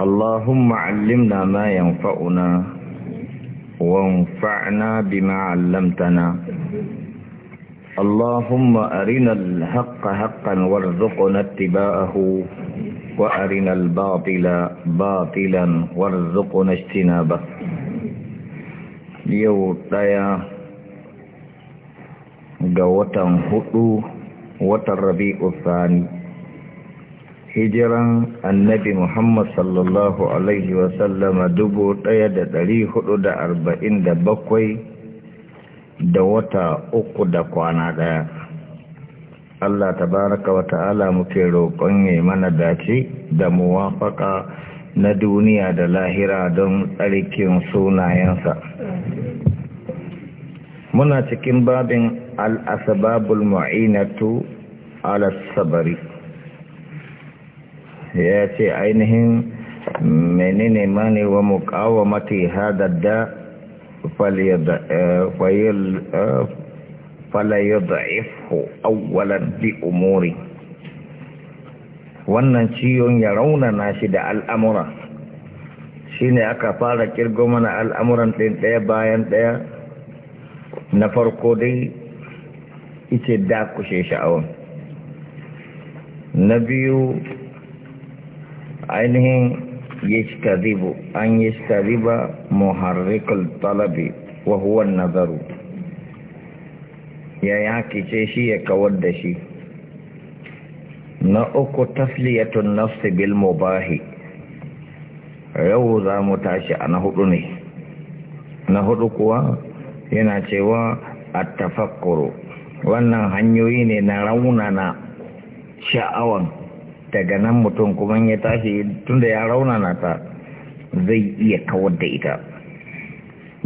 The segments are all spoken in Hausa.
اللهم علمنا ما ينفعنا وانفعنا بما علمتنا اللهم أرنا الحق حقا وارزقنا اتباعه وأرنا الباطل باطلا وارزقنا اجتنابه yau ɗaya ga هدو hudu الثاني hijiran annabi Muhammad sallallahu Alaihi wasallama dubu ɗaya da ɗari hudu da arba'in da bakwai da wata uku da kwana ɗaya. Allah tabaraka wa ta'ala muke roƙon ya mana dace da muwafaka na duniya da lahira don tsarkin sunayensa. Muna cikin babin al'asababul ma'inatu alasabari. sabari ya ce ainihin menene mani wa muqawamati hadadda falyadhifhu eh, eh, awwalan bi umori wannan ciyon ya raunana shi da al'amura shi ne aka fara kirgo mana al'amuran ɗin ɗaya bayan ɗaya na farko dai ita dakushe sha'awar na biyu ainihin yajtadibu an yajtadiba muharrikul talabi wa huwa nazaru ya ce shi ya kawar da shi na uku tasliyatun nafsi bil mubahi yau za mu tashi a na hudu ne na hudu kuwa yana cewa a tafakkuru wannan hanyoyi ne na raunana sha'awan daga nan mutum kuma ya tashi tunda ya rauna ta zai iya kawar da ita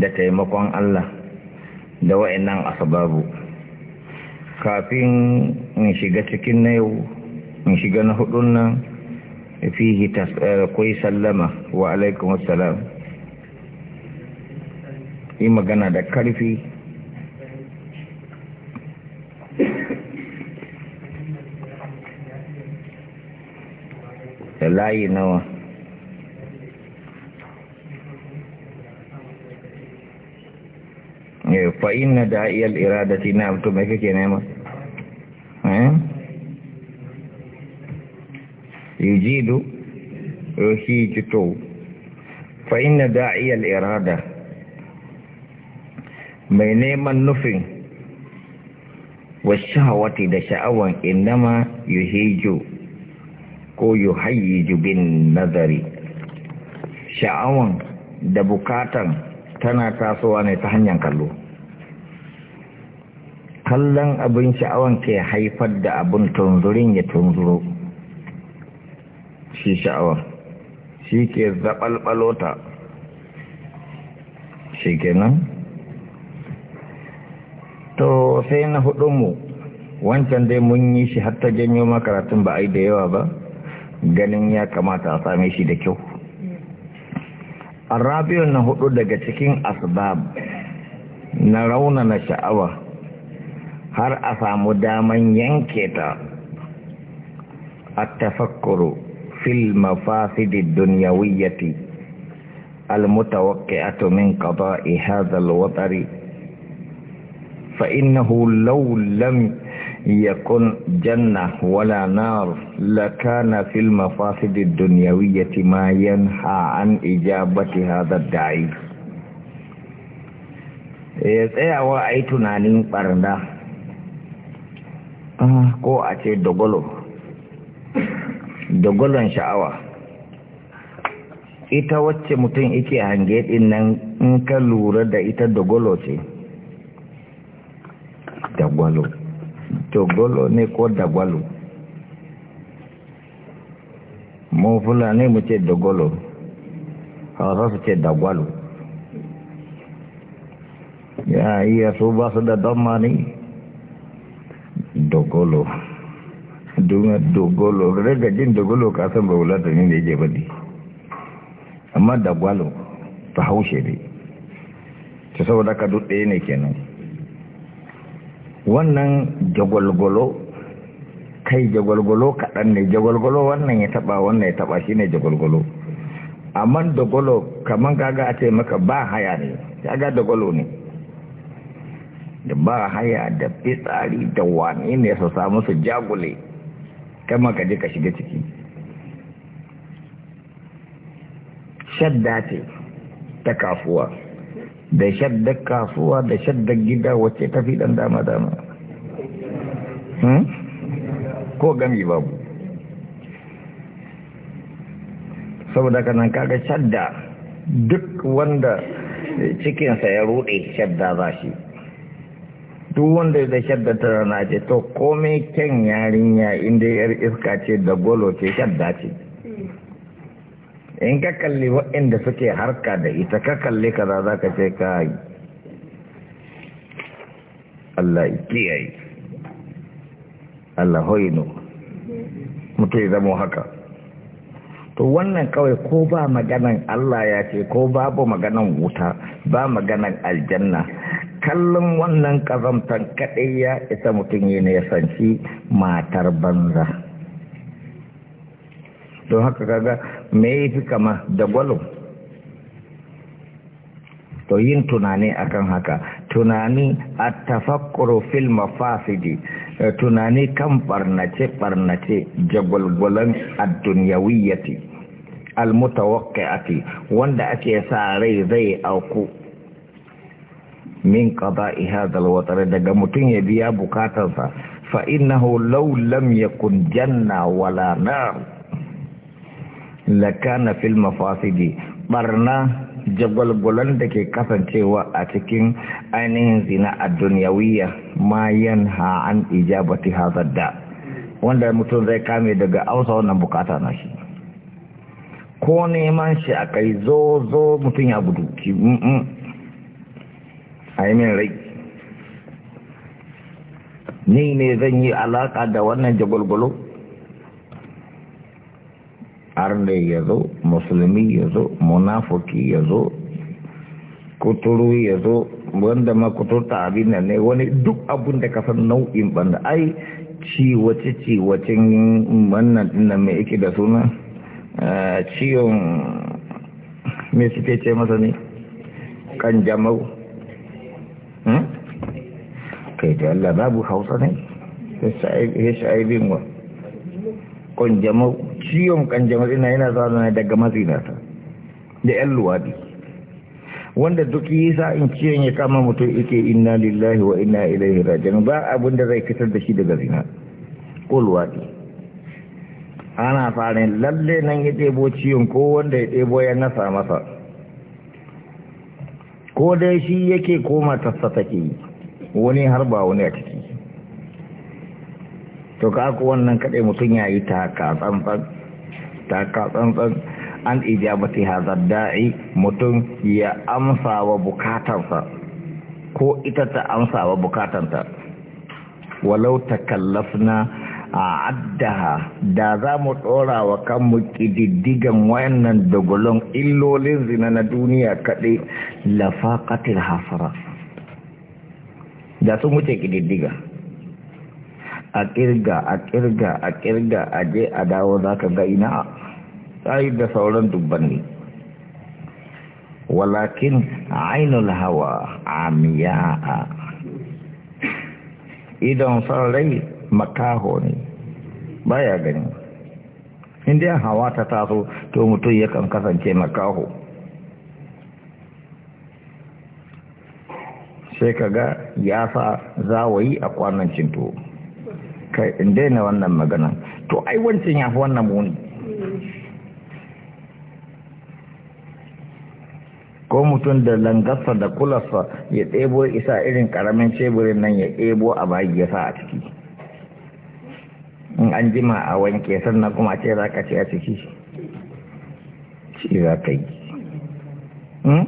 da taimakon Allah da wa'annan asababu kafin in shiga cikin na yau in shiga na hudun nan fihi akwai eh, sallama wa wasu salam yi magana da karfi da layi nawa eh, fa'in na da'iyar iradati na abu mai kake nema eh? yujidu ruhi jito fa'in na da'iyar irada mai neman nufin wasu hawati da sha'awan inama yuhiju ko hayi bin nazari sha'awan da bukatan tana tasowa ne ta hanyar kallo kallon abin sha'awan ke haifar da abin tunzurin ya tunzuro shi sha'awan shi ke zaɓalɓalota shi kenan to sai na hudunmu wancan dai mun yi shi har ta janyo makaratun ba a yi da yawa ba ganin ya kamata a same shi da kyau. Rabi'u na hudu daga cikin asbab na rauna na sha'awa har a samu daman yanke ta a tafakkuru fil mafasidin duniyawiyyati almutawakki atomin kaba a hazal watsari fa'in na hulau lamfi yakun janna wala nar la kana fil mafasid ad-dunyawiyyati ma yanha an ijabati hadha ad-da'i eh tsayawa ayi tunanin barnda ko a ce dogolo sha'awa ita wacce mutum yake hange din in ka lura da ita dogolo ce cogolo ne ko dagwalo mu fulani mu ce dagwalo hausa su ce dagwalo ya iya su ba su da damani dogolo dogolo daga jin dogolo kasan ba wulata ne da yake bane amma dagwalo ta haushe ne ta saboda ka duk ɗaya ne kenan wannan jagwalgwalo kai jagwalgwalo kaɗan ne jagwalgwalo wannan ya taɓa wannan ya taɓa shi ne jagwalgwalo amma dagwalo kamar gaga a ce maka ba haya ne kaga dagwalo ne da ba haya da fitsari da wani ne su samu su jagule kama ka je ka shiga ciki shadda ce ta kasuwa da shaddar kasuwa da shadda gida wacce ta fi ɗan dama-dama hmm? ko gami babu saboda nan kaga shadda duk wanda cikinsa ya rude shadda za shi duk wanda da shadda ta rana ce to komai kyan yarinya inda yar iska ce da golo ce shadda ce in ka kalli waɗanda suke harka da ita ka kalli ka za ka ce ka yi Allah kiyaye Allah hoino mutu ya haka to wannan kawai ko ba maganan Allah ya ce ko babu maganan wuta ba maganan aljanna kallon wannan kazamtan kaɗai ya isa mutum yi ne ya sanci matar banza don haka kaga me fi kama da gwalon to yin tunani akan haka tunani a tafakkuru fil mafasidi eh, tunani kan barnace-barnace jagwalgwalan addunyawiyyati almutawakkiati wanda ake sa rai zai auku min qada'i hadal alwatar daga mutum ya biya bukatarsa fa innahu law lam yakun janna wala nar lakana fil mafasidi barna jagwalgwalan da ke kasancewa a cikin ainihin zina a duniyawiya mayan yanha an ijabati hazar da wanda mutum zai kame daga ausa wannan bukata na shi ko neman shi a kai zo zo mutum ya gudu ki mm, mm. a yi min rai ni ne zan yi alaka da wannan jagwalgwalo arne yazo musulmi yazo munafiki munafuki kuturu yazo wanda ma kuturta abin nan ne wani duk abun da san nau'in banda ai ciwace wace wannan nan mai yake da suna ciwon mai suke ce masa ne kan jama'u kai da Allah babu hausa ne ya sha'ibin wa kan jama'u ciwon kanjamar ina yana zaune ne daga matsinata da yan luwadi wanda duk yi in ciwon ya kama mutum ike inna lillahi wa inna ilaihi rajiun ba abin da zai fitar da shi daga zina ko luwadi ana fara lalle nan ya ɗebo ciwon ko wanda ya ɗebo ya nasa masa ko dai shi yake koma tassa take wani har wani a ciki to ka wannan kaɗai mutum ya yi ta ka tsantsan ka tsantsan an ijabati hazar da'i mutum ya amsa wa bukatarsa ko ita ta amsa wa bukatanta, walau kallafna a addaha da za mu ɗora wa kanmu ƙididdigan wayannan dogolon illolin zina na duniya kaɗai lafaƙatil hasara da sun wuce ƙididdiga a kirga a kirga a kirga a je a dawo za ka ga ina tsayi da sauran dubbanni walakin ainul hawa a idan rai makaho ne baya gani inda hawa ta taso to mutum ya kan kasance makaho sai ka ga ya sa zawayi a kwanan cinto kai daina wannan magana to ai wancan ya fi wannan muni ko mutum da langarsa da kulasa ya ɗebo isa irin ƙaramin ceburin nan ya ɗebo a bagi ya sa a ciki in an jima a wanke sannan kuma ce za ka ce a ciki Ci za ka yi hmm?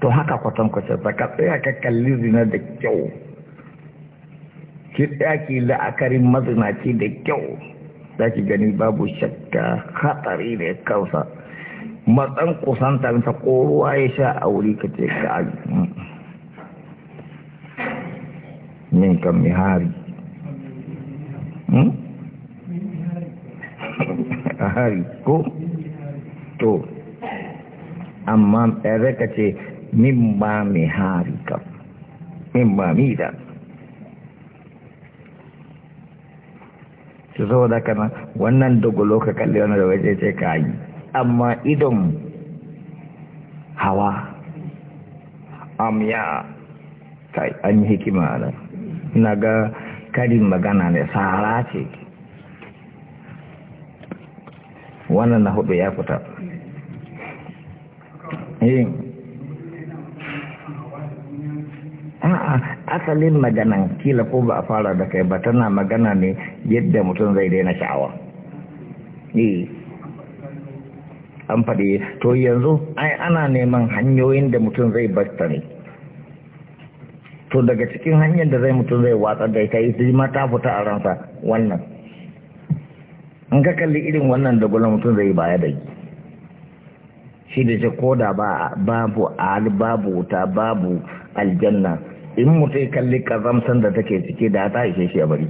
to haka kwatankwacin ka tsaya ka kalli zina da kyau ki tsaki la'akarin mazinaci da kyau za ki gani babu shakka hatsari da ya kausa matsan kusanta ta koruwa ya sha a wuri ka ce ka aji mm, min kan mihari hmm? a hari ko to amma ɗaya ka ce min ba mihari hari min ba mi da to saboda kana wannan dogolo ka kalli wani da waje ce ka yi amma idon hawa amya kai an yi hikima da ina ga karin magana ne sahara ce wannan na hudu ya fita yin eh, asalin maganan kila ko ba a fara da kai ba tana magana ne yadda mutum zai daina sha'awa e, an faɗi to yanzu ai ana neman hanyoyin da mutum zai basta ne to daga cikin hanyar da zai mutum zai watsar da ita ita ma ta fita a ransa wannan in ka kalli irin wannan da gula mutum zai baya da shi da shi ko da ba babu al babu ta babu aljanna in ya kalli kazamsan da take cike da ta ishe shi a bari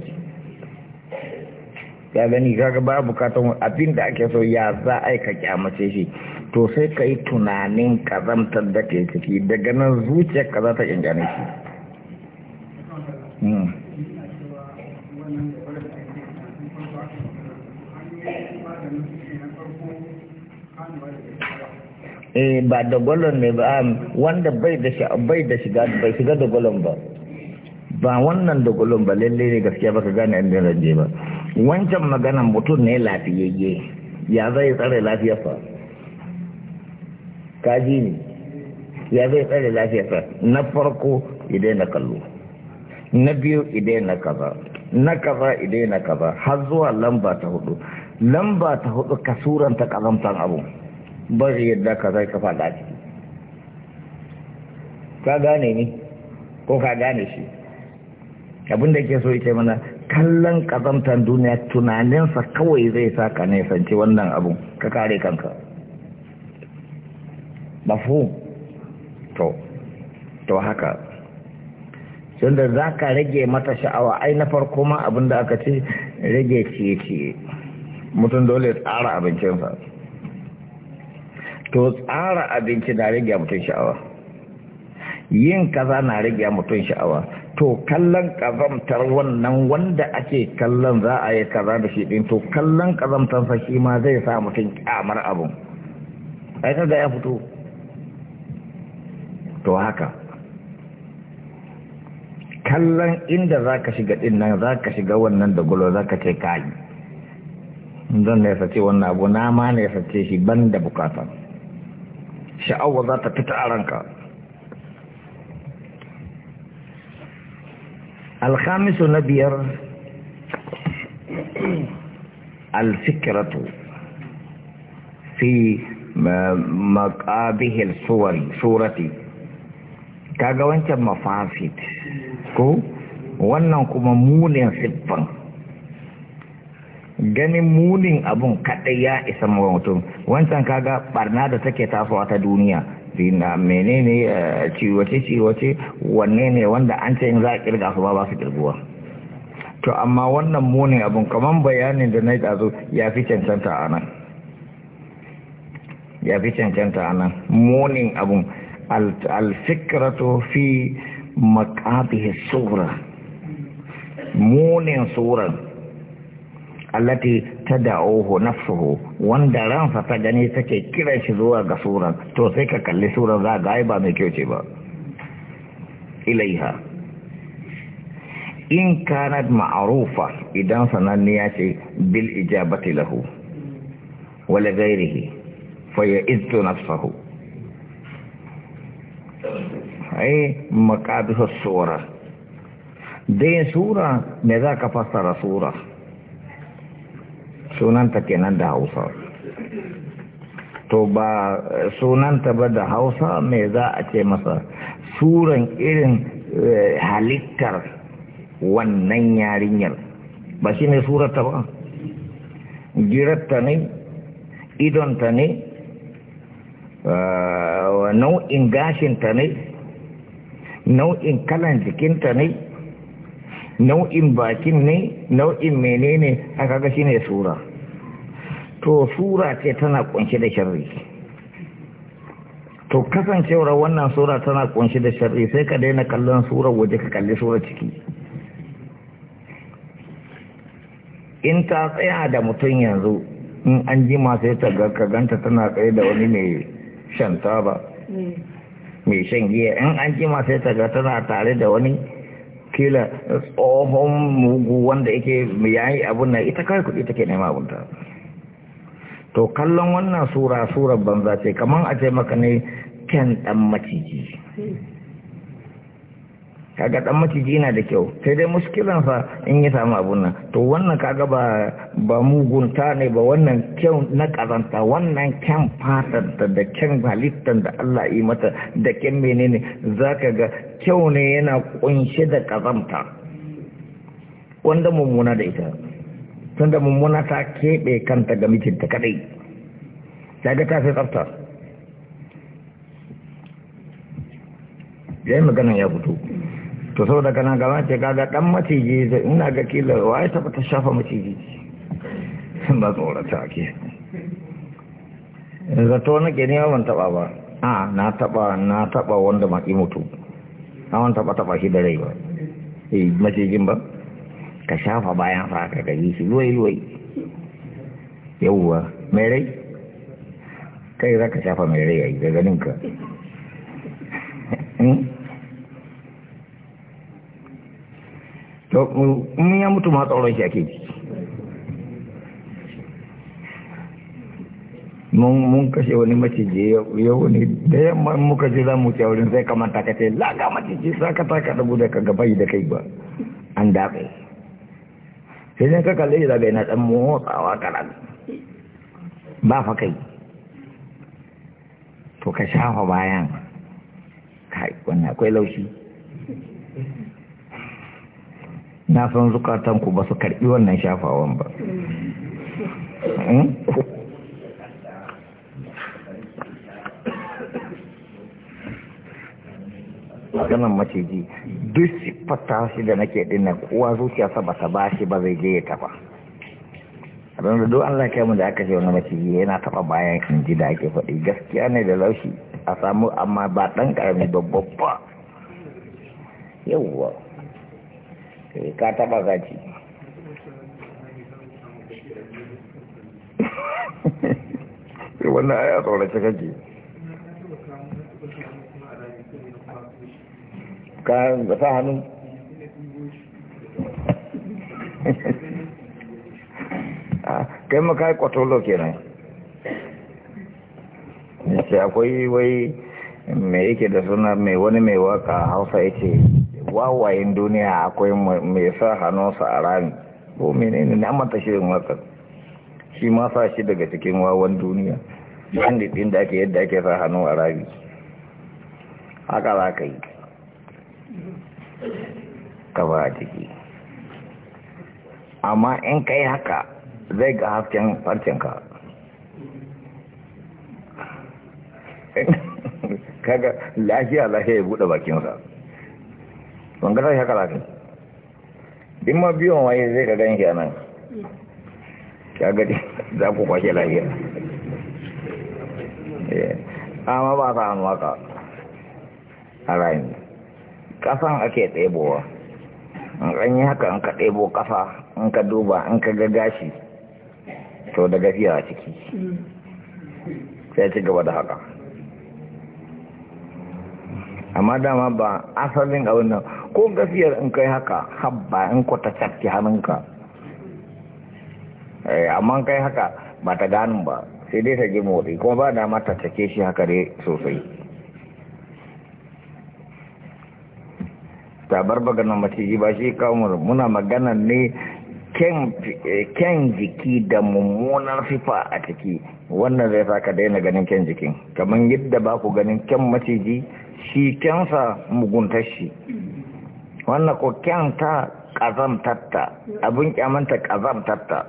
ya gani kaga ba bukatan abin da ake so ya za a yi ka kyamace shi to sai ka yi tunanin kazamtar da ke ciki daga nan zuciyar ka za ta kyanjane shi eh ba da gwalon ne ba wanda bai da bai da shiga bai shiga da gwalon ba ba wannan da gwalon ba lalle ne gaskiya baka gane inda ranje ba wancan maganan mutum ne lafiyayye ya zai tsare fa, kaji ne ya zai tsare fa. na farko idan na kallo na biyu idan na kaza na kaza idan na kaza har zuwa lamba ta hudu lamba ta hudu kasuranta kazantan abu ba zai yadda ka zai kafa da ciki ka gane ni ko ka gane shi abin da ke so ita mana kallon kazantar duniya tunaninsa kawai zai sa ka nesanci wannan abun ka kare kanka mafu to to haka tunda za ka rage mata sha'awa ai na farko ma abin da aka ce rage ciye-ciye mutum dole tsara abincinsa to tsara abinci na rage mutum sha'awa yin kaza na rage mutum sha'awa to kallon kazamtar wannan wanda ake kallon za a yi kaza da shi din to kallon sa shi ma zai sa mutum kyamar a yi da ya fito to haka kallon inda za ka shiga din nan za ka shiga wannan da gulo za ka ce kayi zan nesa ce wannan abu na ma na ce shi ban da bukatar sha'awa za ta fita a ranka alhamisu na biyar alfikiratu fi maƙabihil surati kaga wancan ko wannan kuma munin siffan ganin munin abun kadai ya isa ma mutum wancan kaga barna da take tasowa ta duniya dina menene eh, ciwace ciwace wanne ne wanda an ce in za a kirga su ba ba su kirguwa to amma wannan munin abun kaman bayanin da na yi ɗazu ya fi cancanta a nan ya fi cancanta a nan munin abun alfikrato fi makabihi sura munin suran allati tada'uhu nafsuhu wanda ransa ta gani take kira shi zuwa ga surar to sai ka kalli suran za ga ba mai kyau ce ba ilaiha in kanat ma'arufa idan sananniya ce bil ijabati lahu wala gairihi fa ya izzu ai maqabihus sura dai sura me za ka fassara sura sunanta kenan da hausa to ba sunanta ba da hausa mai za a ce masa suran irin eh, halittar wannan yarinyar ba shi ne surata ba girarta ne idonta ne eh, nau'in gashinta ne nau'in kalan jikinta ne nau'in bakin ne nau'in menene aka ga shine sura to sura ce tana kunshe da sharri to kasancewar wannan sura tana kunshe da sharri sai ka daina kallon sura waje ka kalli sura ciki in ta tsaya da mutum yanzu in an jima sai ta ganta tana tsaye da wani mai shan taba mm. mai shan giya in an sai ta ga tana tare da wani kila tsohon mugu wanda yake yayi abun nan ita kai kuɗi take nema abun ta to kallon wannan sura surar banza ce kaman a ce maka ne kyan dan maciji kaga dan maciji yana da kyau sai dai muskilan fa in ya samu abun nan to wannan kaga ba ba mugunta ne ba wannan kyau na kazanta wannan kyan fatar da da kyan halittar da Allah yi mata da kyan menene zaka ga kyau ne yana kunshe da kazanta wanda mummuna da ita tunda mummuna ta keɓe kanta ga mijinta kadai kaga ta fi tsafta yayin maganan ya fito to saboda kana gaba ce kaga dan maciji da ina ga kila waye ta ta shafa maciji sun ba tsorata ake zato na ke ne ban taba ba a na taba na taba wanda maki mutu a wani taba taba shi da rai ba eh macijin ba ka shafa bayan fa ka gaji shi luwai luwai yawwa mai rai kai za ka shafa mai rai a yi da ganin ka hmm? to mun ya mutu ma tsoron shi ake ji mun kashe wani maciji ya wani da yamma muka ji za mu ce wurin sai kamanta ka ce laga maciji sa ka taka da ka gaba da kai ba an daɓe sai ne ka kalle daga yana ɗan motsawa karan ba fa kai to ka shafa bayan kai wannan akwai laushi na san zukatanku ba su karɓi wannan shafawan ba hmm? maganan maciji duk siffata shi da nake dina kowa zuciya sa bata ba shi ba zai je ya taba abin da duk Allah kai mu da aka ce wani maciji yana taba bayan in ji da ake faɗi gaskiya ne da laushi a samu amma ba ɗan ƙarami babba yawwa Eh, ka taba eh, ah, kai maka yi kwatolo kenan sai akwai wai mai yake da suna mai wani mai waka hausa ya wawayen duniya akwai mai sa hannunsa a rami ko menene na manta shirin wasan shi ma sa shi daga cikin wawan duniya yan ɗin da ake yadda ake sa hannu a rami haka za ka yi ka ba a ciki amma in kai haka zai ga hasken farcinka kaga lafiya lafiya ya buɗe bakinsa ban gana shi haka lafi in ma biyan waye zai ka gan shi a nan ya gadi ah, za ku kwashe ah, lafiya amma ba sa an waka a rayu ƙasan ake ɗebowa an yi haka an ka ɗebo ƙasa an ka duba an ka ga gashi to da gafiya hmm. a ciki sai ci gaba da haka amma dama ba asalin abin nan ko gafiyar in kai haka habba in kwata ta cakki hannunka eh, amma kai haka ba ta ganin ba sai dai ta ji motsi kuma ba dama ta cake shi haka dai sosai ta tabar ganin maciji ba shi kawo muna magana ne eh, kyan jiki da mummunar sifa a ciki wannan zai sa ka daina ganin kyan jikin kamar yadda ba ku ganin kyan maciji shi kyansa muguntar shi wannan ko kyanta ƙazamtatta abin kyamanta ƙazamtatta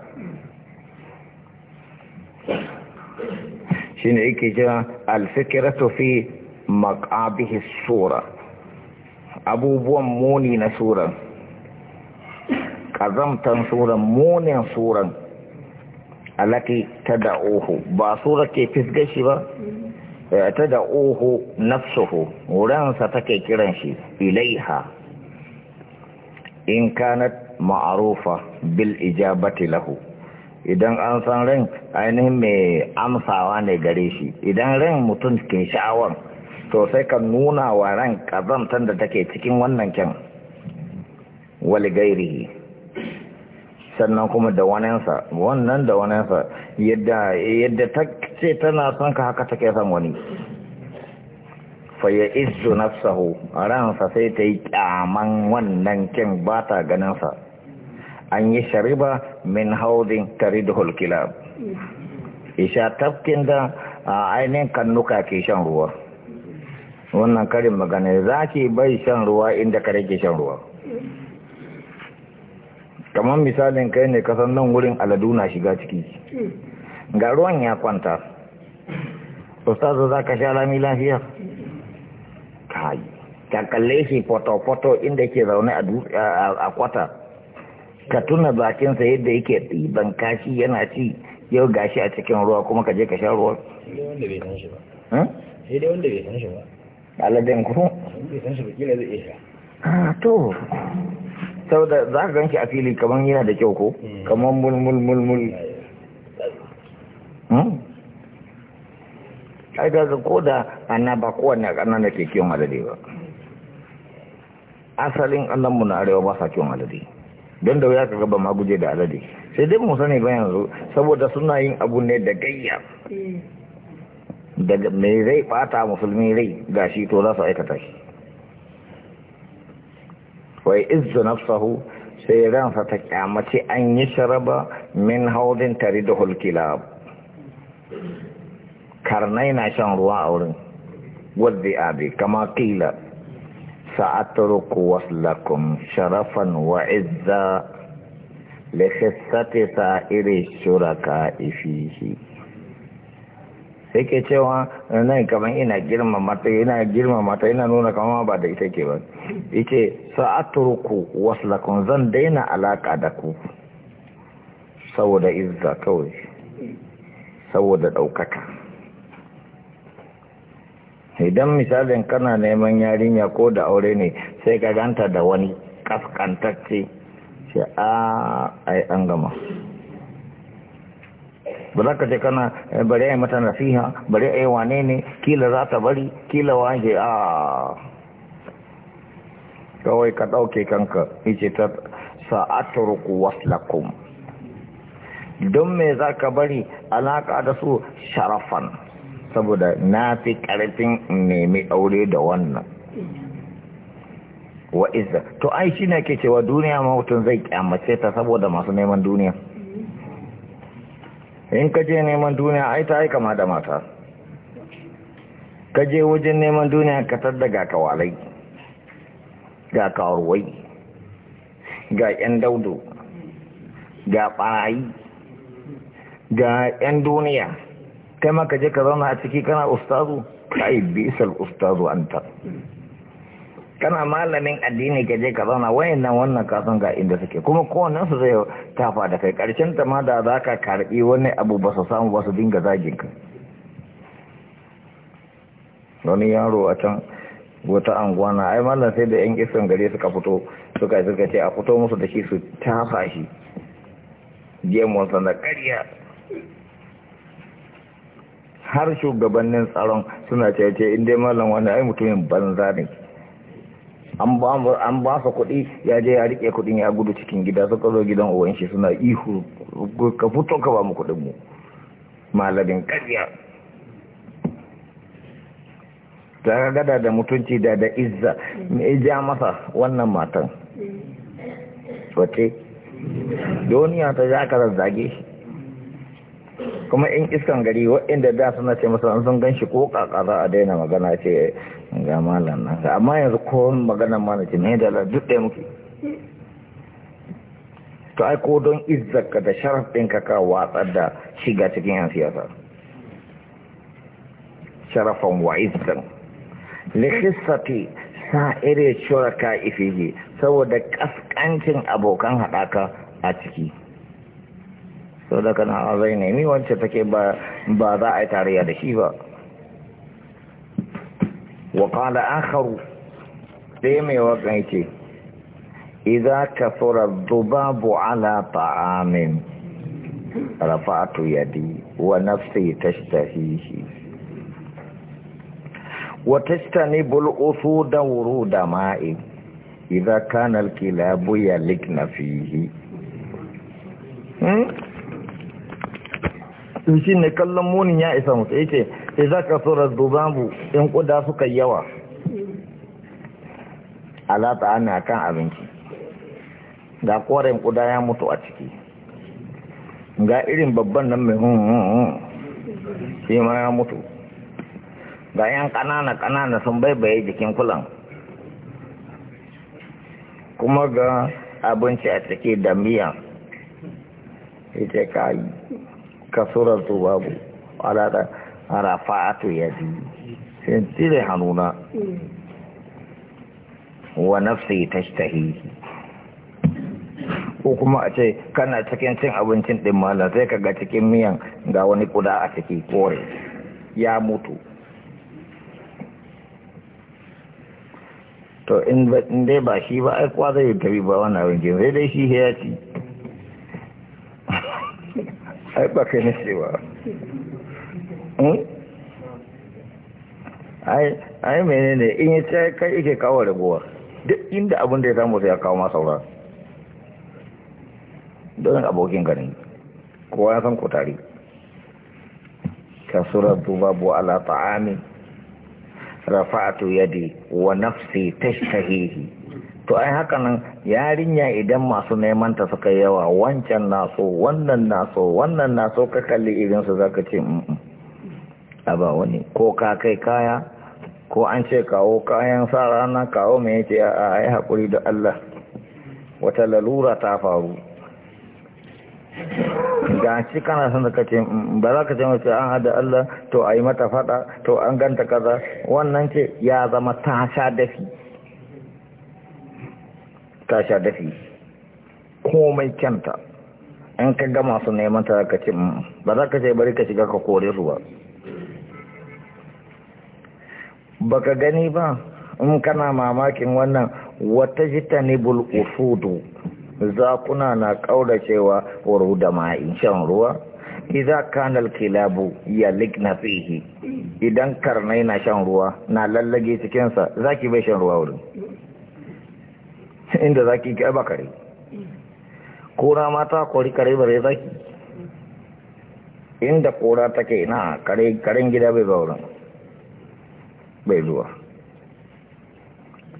shi ne yake jira alfikirato fi makabihi sura abubuwan muni na suran ƙazamtan suran munin suran alati ta da'uhu ba sura ke fisgashi ba ta da oho nafsuhu ransa take kiran shi ilaiha in kanat ma'arufa bil ijabati lahu idan an san ran ainihin mai amsawa ne gare shi idan ran mutum ke sha'awar to sai ka nuna wa ran kazantar da take cikin wannan kyan wali gairihi sannan kuma da wanansa wannan da wanansa yadda ta ce tana son ka haka take son wani faya izu saho a ransa sai ta yi kyaman wannan kin ba ta ganinsa an yi shariba min haudin taridul kilab isha tafkin da a ainihin kannuka ke shan ruwa wannan karin magana za ki bai shan ruwa inda kare ke shan ruwa kamar misalin kai ne kasan nan wurin aladu na shiga ciki ga ruwan ya kwanta ustazu za ka sha lami lafiya kai ka kalle shi foto-foto inda yake zaune a kwata ka tuna bakinsa yadda yake ɗiban kashi yana ci yau gashi a cikin ruwa kuma ka je ka sha ruwa aladen ku to saboda za ka ganki a fili kamar yana da kyau ko hmm. kamar mulmulmulmul Hmm? ai da ko da kowane kowanne da ke kiwon alade ba asalin annanmu na arewa ba sa kiwon alade don da wuya ka gaba ma guje da alade sai dai mu sani ba yanzu saboda suna yin abu ne da gayya daga mai rai bata musulmi rai shi to za su aikata shi wai izzu nafsahu sai ransa ta kyamace an yi sharaba min haudin tare da hulkilab karnai na shan ruwa a wurin wadda abi kama kila sa'atruku waslakum sharafan wa izza li ta sa'iri shuraka ifihi sai ke cewa nan kamar ina girma mata ina girma mata ina nuna kama ba da ita ke ba yake sa'atruku waslakum zan daina alaka da ku saboda izza kawai saboda ɗaukaka idan misalin kana neman yarinya ko da aure ne sai ka ganta da wani kaskantacce sai a ai an gama ba za ka ce kana eh, bari a mata nasiha bari a wane ne kila za ta bari kila wange a kawai ka ɗauke kanka ice ta sa'atar kuwa lakum don me za ka bari alaƙa da su sharafan saboda na fi ƙarfin nemi aure da wannan wa izza to ai shi ne ke cewa duniya ma zai kyamace ta saboda masu neman duniya in ka je neman duniya ai ta aika ma da mata ka je wajen neman duniya ka tar da ga kawalai ga karuwai ga 'yan daudu ga ɓarayi ga 'yan duniya kai ma ka je ka zauna a ciki kana ustazu kai bisal ustazu anta kana malamin addini ka je ka zauna wayannan wannan kasan ga inda suke kuma kowannen su zai tafa da kai karshen ta ma da za ka karbi wani abu ba su samu ba su dinga zagin ka wani yaro a can wata anguwa na ai mallan sai da yan isan gare suka fito suka suka ce a fito musu da shi su tafa shi gemun na karya har shugabannin tsaron suna cece in dai malam wani ai mutumin banza ne an ba sa kuɗi ya je ya rike kuɗin ya gudu cikin gida suka zo gidan uwan shi suna ihu ka fito ka ba mu kuɗin mu malamin ƙarya ta gada da mutunci da da izza me ja masa wannan matan wace duniya ta zaka ka shi kuma in iskan gari waɗanda da suna ce masa an sun ganshi ko kaka a daina magana ce ga malam nan amma yanzu ko magana ma na ce ne da duk ɗaya muke to ai ko don izzaka da sharaf ɗin ka watsar da shiga cikin yan siyasa sharafan wa izzan likhisati sa'ire shuraka ifiji saboda kaskancin abokan haɗaka a ciki sau da kana zai nemi wance take ba za a yi tarayya da shi ba wa kala akharu ɗaya mai waƙan ce idza kafura dhubabu ala ta'amin rafa'tu yadi wa nafsi tashtahihi wa tastanibu al-usuda da ma'i idza kana al-kilabu yalikna fihi hmm? sun shi ne kallon munin ya isa musu yake sai za ka tsoron dubabu in kuda suka yawa alata ana kan abinci ga koren kuda ya mutu a ciki ga irin babban nan mai hun shi ma ya mutu ga yan kanana kanana sun bai baibaye jikin kulan kuma ga abinci a ciki da miya ita ka yi kasurar tubabu alada ya ji sai tire hannuna wa nafsi shi ko kuma a ce kana cikin cin abincin ɗin mala sai kaga cikin miyan ga wani kuda a ciki kore ya mutu to in dai ba shi ba ai zai zai tafi ba wannan abin zai dai shi ya ci ai ba kai nace ba hmm? ai ai menene in ya ce kai yake kawo rabuwa duk inda abin da ya samu sai ya kawo masa saura don abokin garin kowa ya san ku tare duba bu ala ta'ami rafa'atu yadi wa nafsi tashtahihi to ai haka nan yarinya idan masu neman ta suka yawa wancan naso wannan naso wannan naso ka kalli irin su zaka ce a ba wani ko ka kai kaya ko an ce kawo kayan sa rana kawo mai yace a ai hakuri da Allah wata lalura ta faru ga shi kana son da kace ba za ka ce mace an hada Allah to ai mata fada to an ganta kaza wannan ce ya zama ta sha dafi ta sha dafi komai kyanta in ka gama su neman ta ka ce mm, ba za ka ce bari ka shiga ka kore su ba baka gani ba in kana mamakin wannan wata jita jitanibul za zakuna na cewa wuru da ma'in shan ruwa iza kanal kilabu yalikna fihi idan karnai na shan ruwa na lallage cikinsa za ki bai shan ruwa wurin inda zaki ki ba kare kora mata kori kare ba zai zaki inda kora take na kare karen gida bai ba wurin bai zuwa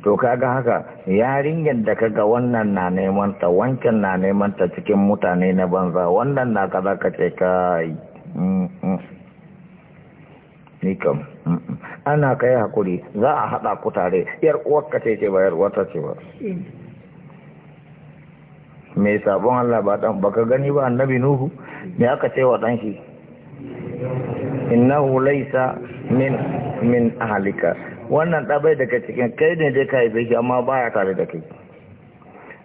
to kaga haka yarinyar da kaga wannan na neman ta wancan na neman ta cikin mutane na banza wannan na kaza ka ce kai mm, mm. ni kam mm, ana kai hakuri za a haɗa ku tare yar uwarka ce ce bayar wata ce ba Me sabon Allah ba dan baka gani ba annabi nuhu me aka ce wa dan shi innahu laysa min min ahlika wannan ɗabai daga cikin kai ne dai kai bai shi amma baya tare da kai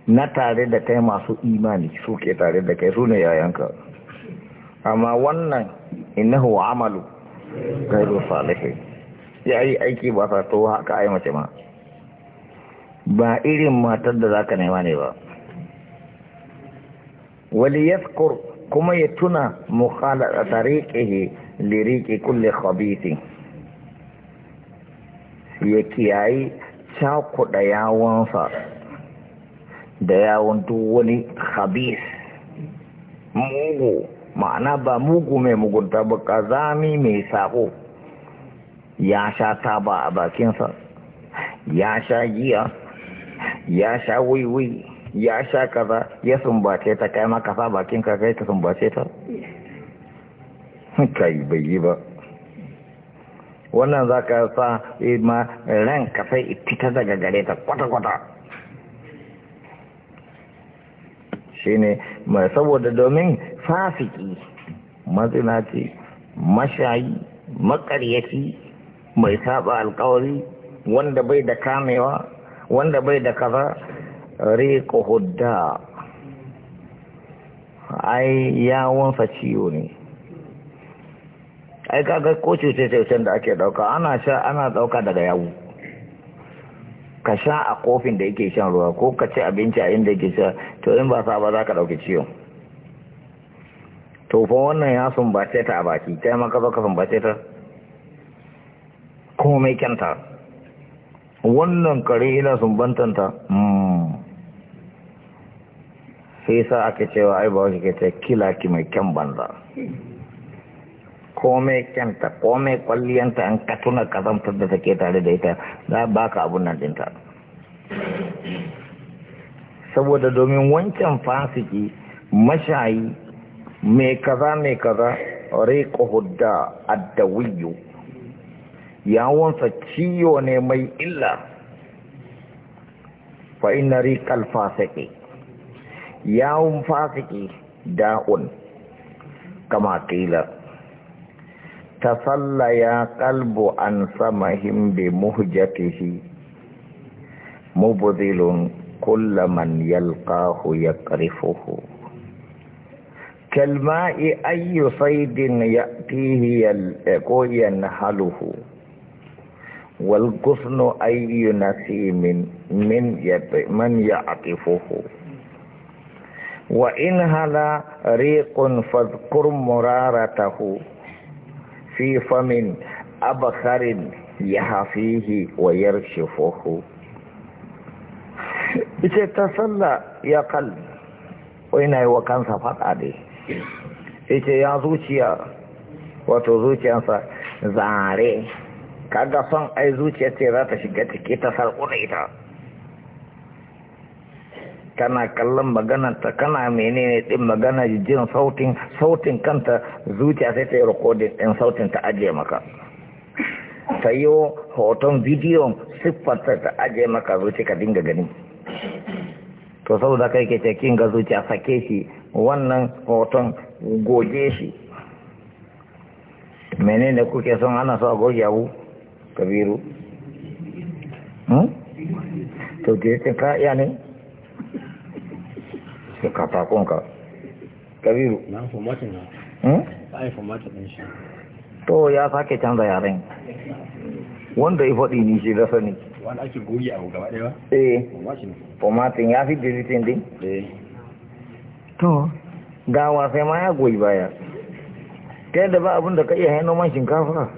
na tare da kai masu imani suke tare da kai su ne yayanka amma wannan innahu amalu gairu salihin ya yi aiki ba sa to haka ai mace ma ba irin matar da za ka nema ne ba wali yaskur kuma ya tuna mukhalata tariqihi li riqi kulli khabithin ya kiyayi da yawonsa da yawon duk wani khabith mugu ma'ana ba mugu mai mugunta ba kazami mai sako ya sha taba a bakinsa ya sha giya ya sha wiwi ya sha kaza ya sumbace ta kai maka sa bakinka kai ka sumbace ta kai bai yi ba wannan za ka sa eh, ma ran ka sai fita daga gare ta kwata-kwata shi ne mai saboda domin fasiki mazinaci mashayi makaryaci mai saba alkawari wanda bai da kamewa wanda bai da kaza riƙo hudda ai yawonsa ciwo ne ai kaga ko cuce-cucen da ake ɗauka ana sha ana ɗauka daga yawu ka sha a kofin da yake shan ruwa ko ka ci abinci a inda yake sha to in ba sa ba za ka ɗauki ciwo to fa wannan ya sumbace ta a baki ta maka baka sumbace ta komai kyanta wannan kare ina sumbantanta hmm. sai sa aka cewa ai ba ke ta kila ki mai kyan banza komai kyanta komai kwalliyanta an ka tuna da take tare da ita za ba ka abun nan dinta saboda domin wancan fasiki mashayi mai kaza mai kaza riƙo hudda addawiyu yawonsa ciyo ne mai illa fa ina rikal fasiki yawon fasiki da'un kama kila ta sallaya kalbo an sama himbi muhjatihi mubudilun kulla man ya yaqrifuhu kalma'i ayyu ya tihiyar ƙoyan haluhu. wal gusnu ayyu nasimin min man ya'tifuhu wa in hala riqun fadhkur muraratahu fi famin abkharin yahfihi wa yarshifuhu ita ta salla ya kal wai na yi wa kansa faɗa dai ita ya zuciya wato zuciyansa zare kaga son ai zuciya ce za ta shiga ciki ta sarƙuna ita kana kallon maganarta kana menene din magana jin sautin sautin kanta zuciya sai ta yi rikodin din sautin ta ajiye maka ta yi hoton bidiyon siffarta ta ajiye maka zuciya ka dinga gani to saboda kai ke cikin ga zuciya sake shi wannan hoton goge shi menene kuke son ana so a goge abu kabiru hmm? to ke ka ya ne su katakon ka kabiru na informatin na hmm? ba informatin din shi to ya sake canza yaren wanda ya faɗi ni shi rasa ne wanda ake goyi a gaba ɗaya eh informatin ya fi deleting din eh to gawa sai ma ya goyi baya ta yadda ba abin da ka iya haino man shinkafa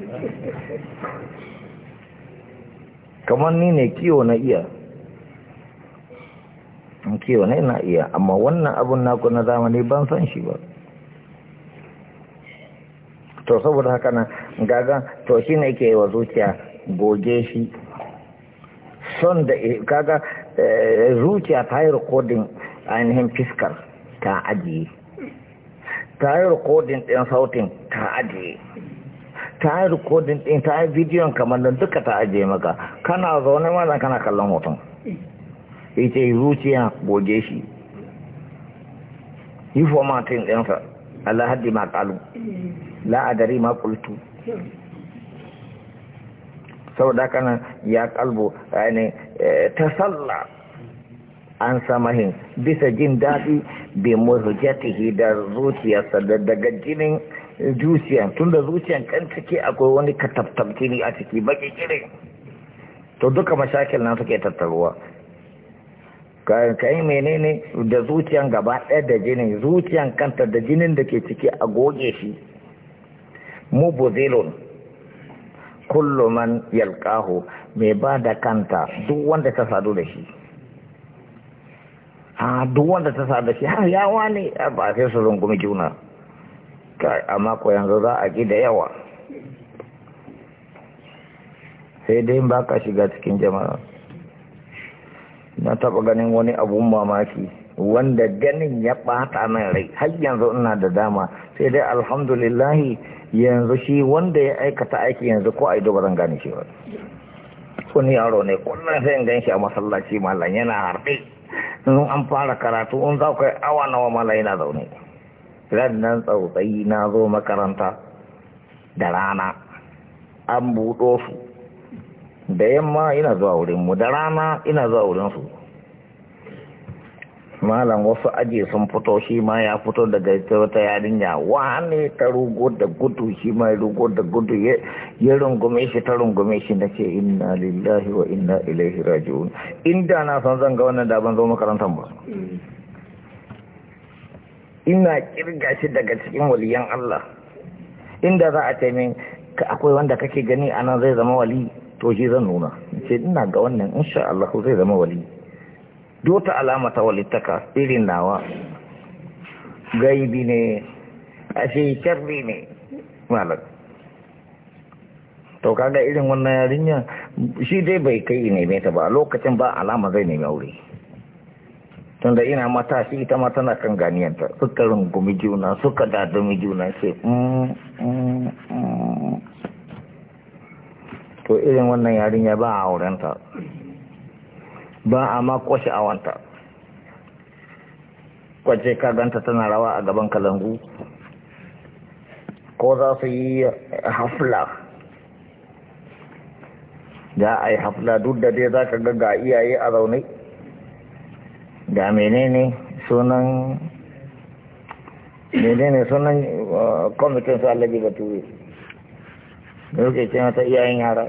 kamar ni ne kiwo na iya in kiwo ne na iya amma wannan abun naku na zamani ban san shi ba to saboda haka na gaga to shi ne ke wa zuciya goge shi son da kaga eh, eh, zuciya ta yi rikodin ainihin fiskar ta ajiye ta yi rikodin ɗin sautin ta ajiye ta yi rikodin ɗin ta yi bidiyon kamar da duka ta ajiye maka kana zaune mazan kana kallon hoton ita yi zuciya goge shi yi fomatin ɗinsa haddi ma ƙalu la'adari ma ƙultu saboda kana ya kalbo ne eh, ta salla an samahin bisa jin daɗi bi mu da zuciyarsa da daga jinin zuciya tun da zuciyan kan ciki akwai wani katabtabci ne a ciki baki kire to duka mashakil na suke tattaruwa kai menene da zuciyan gaba ɗaya da jinin zuciyan kanta da jinin da ke ciki a goge shi mu bozelon kullum man yalkahu mai ba da kanta duk wanda ta sadu da shi a ah, duk wanda ta sadu da shi har yawa ne ba sai su rungumi juna a mako yanzu za a gida da yawa sai dai ba ka shiga cikin jama'a na taba ganin wani abun mamaki wanda ganin ya ɓata na rai har yanzu ina da dama sai dai alhamdulillahi yanzu shi wanda ya aikata aiki yanzu ko a ido ba zan gane shi ba wani yaro ne kullum sai in gan shi a masallaci malam yana harbe in an fara karatu in za ku yi awa nawa malam yana zaune nan tsautsayi na zo makaranta da rana an buɗo su da yamma ina zuwa wurinmu da rana ina zuwa wurinsu malam wasu aji sun fito shi ma ya fito daga wata yarinya wane ta rugo da gudu shi ma ya rugo da gudu ya rungume shi ta rungume shi na ce inna lillahi wa inna ilaihi raji'un inda na san zan ga wannan da ban zo makarantar ba mm. ina kirga shi daga cikin waliyan Allah inda za a taimin ka akwai wanda kake gani a nan zai zama wali to shi zan nuna ce ina ga wannan insha Allah zai zama wali dota alama ta walittaka irin nawa gaibi ne ashe bi ne malam to kaga irin wannan yarinya shi dai bai kai ne ta ba lokacin ba alama zai nemi aure tunda ina matashi ita ma tana kan ganiyanta suka rungumi juna suka dadumi juna ce mm, mm, mm. to irin wannan yarinya ba a aurenta ba a ma kwashe awanta kwace ka ganta tana rawa a gaban kalangu ko za su yi hafla za a yi hafla duk da dai za ka ga iyaye a zaune da menene sunan menene sunan uh, kwamitin su allabi bature da yake ce mata iyayen yara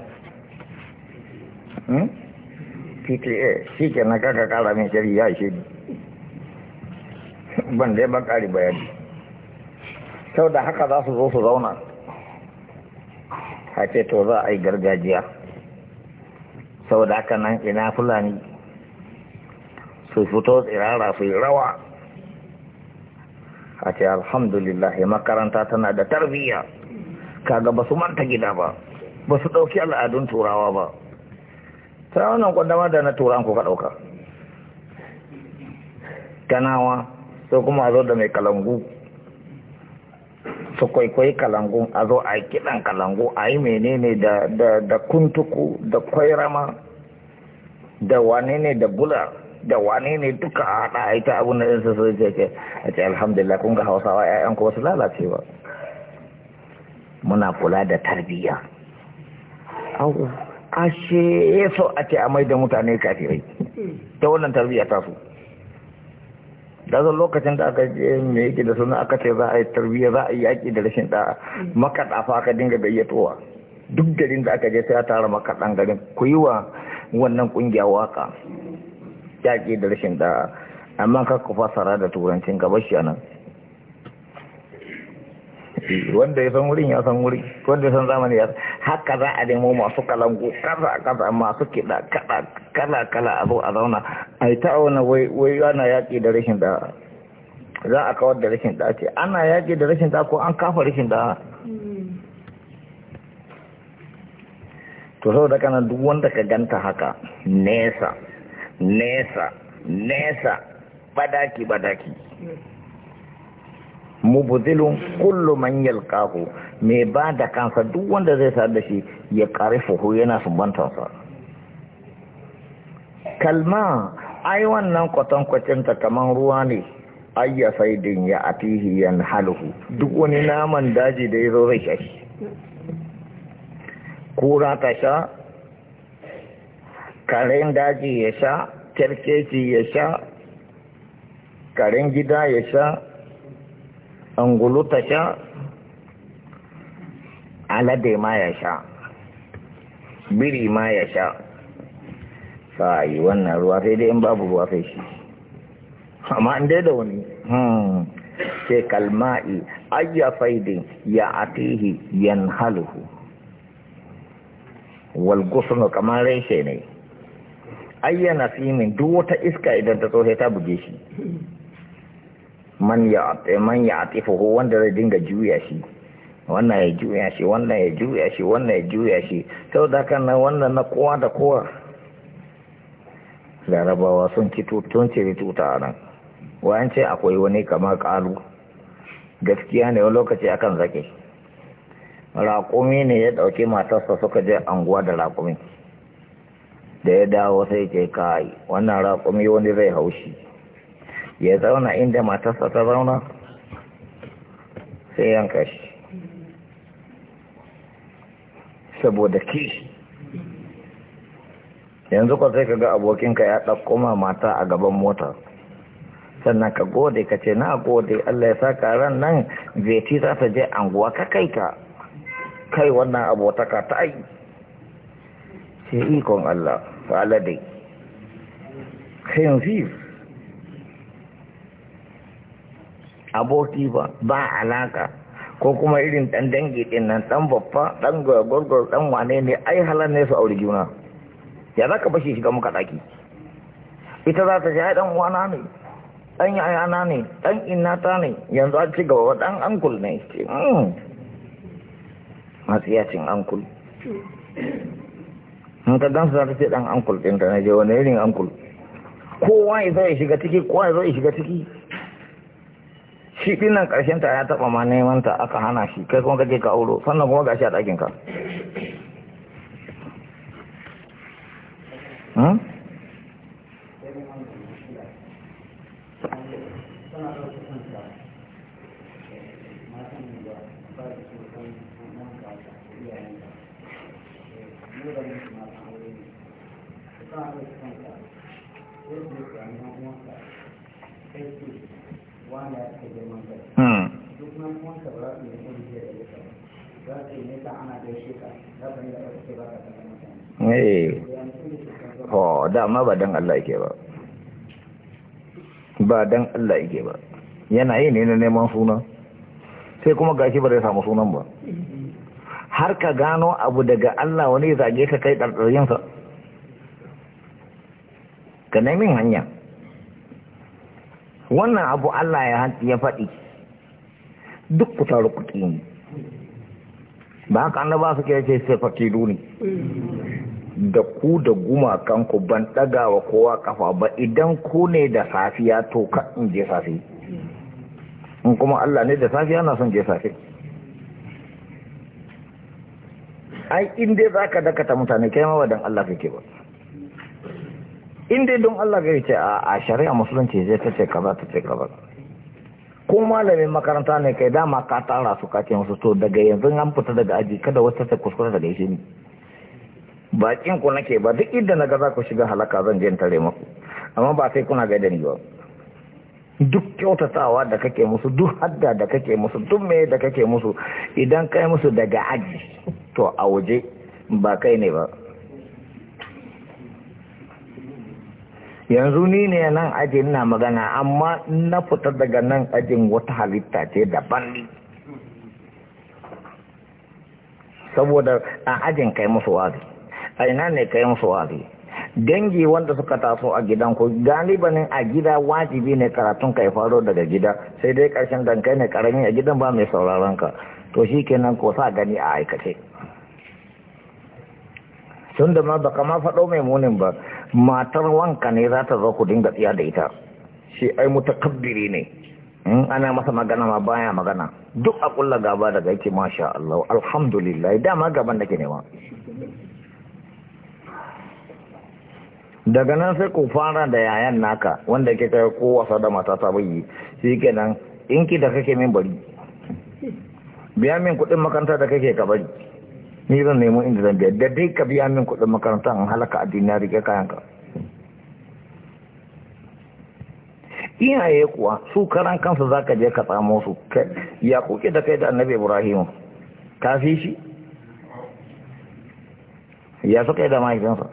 hmm? pta shi ke na kaka kara mai shari ya shi ban dai ban kari bayani sau da haka za su zo su zauna a to za a yi gargajiya sau da haka nan ina fulani su fito tsirara su rawa a ce alhamdulillah makaranta tana da tarbiyya kaga ba su manta gida ba ba su ɗauki al'adun turawa ba ta wannan kwandama da na turan ku ka ɗauka ganawa sai kuma a zo da mai kalangu su kwaikwayi kalangu a zo a kiɗan kalangu a yi menene da kuntuku da kwairama da wane ne da bular? da wane ne duka a haɗa ita abin da ɗinsa sai ce ce a ce alhamdulillah kun ga hausawa ‘ya'yan ku wasu lalacewa muna kula da tarbiyya ashe ya so a ce a mai da mutane kafirai ta wannan tarbiyya ta su dazan lokacin da aka je me yake da suna aka ce za a yi tarbiyya za a yi yaƙi da rashin da makaɗa fa aka dinga gayyatowa duk garin da aka je sai ya tara makaɗan garin ku yi wa wannan ƙungiya waka yaƙi da rashin da'a amma ka ku fasara da turancin gabashi a nan wanda ya san wurin ya san wuri wanda ya san zamani ya haka za a nemo masu kalangu kaza kaza masu kiɗa kada kala kala a zo a zauna a yi ta'auna wai wai ana yaƙi da rashin da'a za a kawar da rashin da'a ce ana yaƙi da rashin da'a ko an kafa rashin da'a hmm. to sau da kana duk wanda ka ganta haka nesa nesa nesa badaki badaki mubudilun kullu man yalqahu me ba da kansa duk wanda zai sa da shi ya karifuhu yana sa. kalma ai wannan kwacin ta kaman ruwa ne ayya saidin ya atihi yan haluhu duk wani naman daji da ya zo zai shashi kura ta sha karen daji ya sha kyarkeci ya sha karen gida ya sha angulu ta sha alade ma ya sha biri ma ya sha yi wannan ruwa sai dai in babu ruwa sai shi amma in dai da wani ce hmm, kalma'i ayya faidin ya atihi yan haluhu wal gusunu kamar reshe ne ayyana simin duk wata iska idan ta tsohe ta buge shi man ya man ya wanda zai dinga juya shi wannan ya juya shi wannan ya juya shi wannan ya juya shi sau da kan nan wannan na kowa da kowa larabawa sun ci tutun ciri tuta a nan wayan ce akwai wani kamar kalu gaskiya ne wani lokaci akan zake raƙumi ne ya ɗauki matarsa suka je anguwa da raƙumi da ya dawo sai ce kai wannan raƙumi wani zai haushi ya zauna inda matarsa ta zauna sai yanka shi saboda kishi yanzu ka sai ka ga abokinka ya ɗauko mata a gaban mota sannan ka gode ka ce na gode Allah ya saka ran nan zeti za ta je anguwa ka kai ka kai wannan abotaka ta yi sai ikon Allah alade khinzir aboki ba ba alaka ko kuma irin dan dangi din nan dan babba dan gwargwar dan wane ne ai halar ne su auri juna ya za ka bashi shiga muka daki ita za ta ji dan wana ne dan yayana ne dan innata ne yanzu an ci gaba dan ankul ne masu yacin ankul in ta dan za ta ce dan ankul din ta naje wani irin ankul kowa ya zai ya shiga ciki kowa ya zai ya shiga ciki shi dinnan karshen ta ya taba ma neman ta aka hana shi kai kuma kake ka auro sannan kuma gashi a ɗakin ka eh ho dama ba dan Allah yake ba ba dan Allah yake ba yana yi ne na neman suna sai kuma gashi ba zai samu sunan ba har ka gano abu daga Allah wani zage ka kai ɗarɗarinsa ka naimin hanya wannan abu Allah ya faɗi duk ku taru kuɗi ne ba haka su suke yake sai fakiru ne da ku da ku ban ɗaga wa kowa kafa ba idan ku ne da safiya to ka in je safi in kuma Allah ne da safiya na son je safi ai in dai za ka dakata mutane kai ma wadan Allah kake ba in dai don Allah ga ce a shari'a musulunci zai ta ce kaza ta ce kaza ko malamin makaranta ne kai dama ka tara su ka ce musu to daga yanzu an fita daga aji kada wata ta kuskura daga shi ne bakin ku nake ba duk inda na ga za ku shiga halaka zan je tare muku amma ba sai kuna gaida ni ba duk kyautatawa da kake musu duk hadda da kake musu duk me da kake musu idan kai musu daga aji to a waje ba kai ne ba yanzu ni ne nan ajin na magana amma na fita daga nan ajin wata halitta ce daban ne saboda a ajin kai musu wazi a ina ne kai musu wazi dangi wanda suka taso a gidan ku galibanin a gida wajibi ne karatun kai faro daga gida sai dai karshen dan ne karami a gidan ba mai sauraron ka to shi kenan ko sa gani a aikace tun da ma baka ma faɗo mai munin ba matar wanka ne za ta zo ku dinga tsiya da ita shi ai mutakabbiri ne in ana masa magana ma baya magana duk a kulla gaba daga yake masha Allah alhamdulillah dama gaban da ke nema daga nan sai ku fara da yayan naka wanda ke kai ko wasa da mata ta bayi shi kenan in ki da kake min bari biya min kuɗin makaranta da kake ka bari ni zan nemo inda zan biya da dai ka biya min kuɗin makaranta an halaka a na rike kayan ka iyaye kuwa su karan kansu za ka je ka tsamo su ya kuke da kai da annabi ibrahim ka fi shi ya su yi da mahaifinsa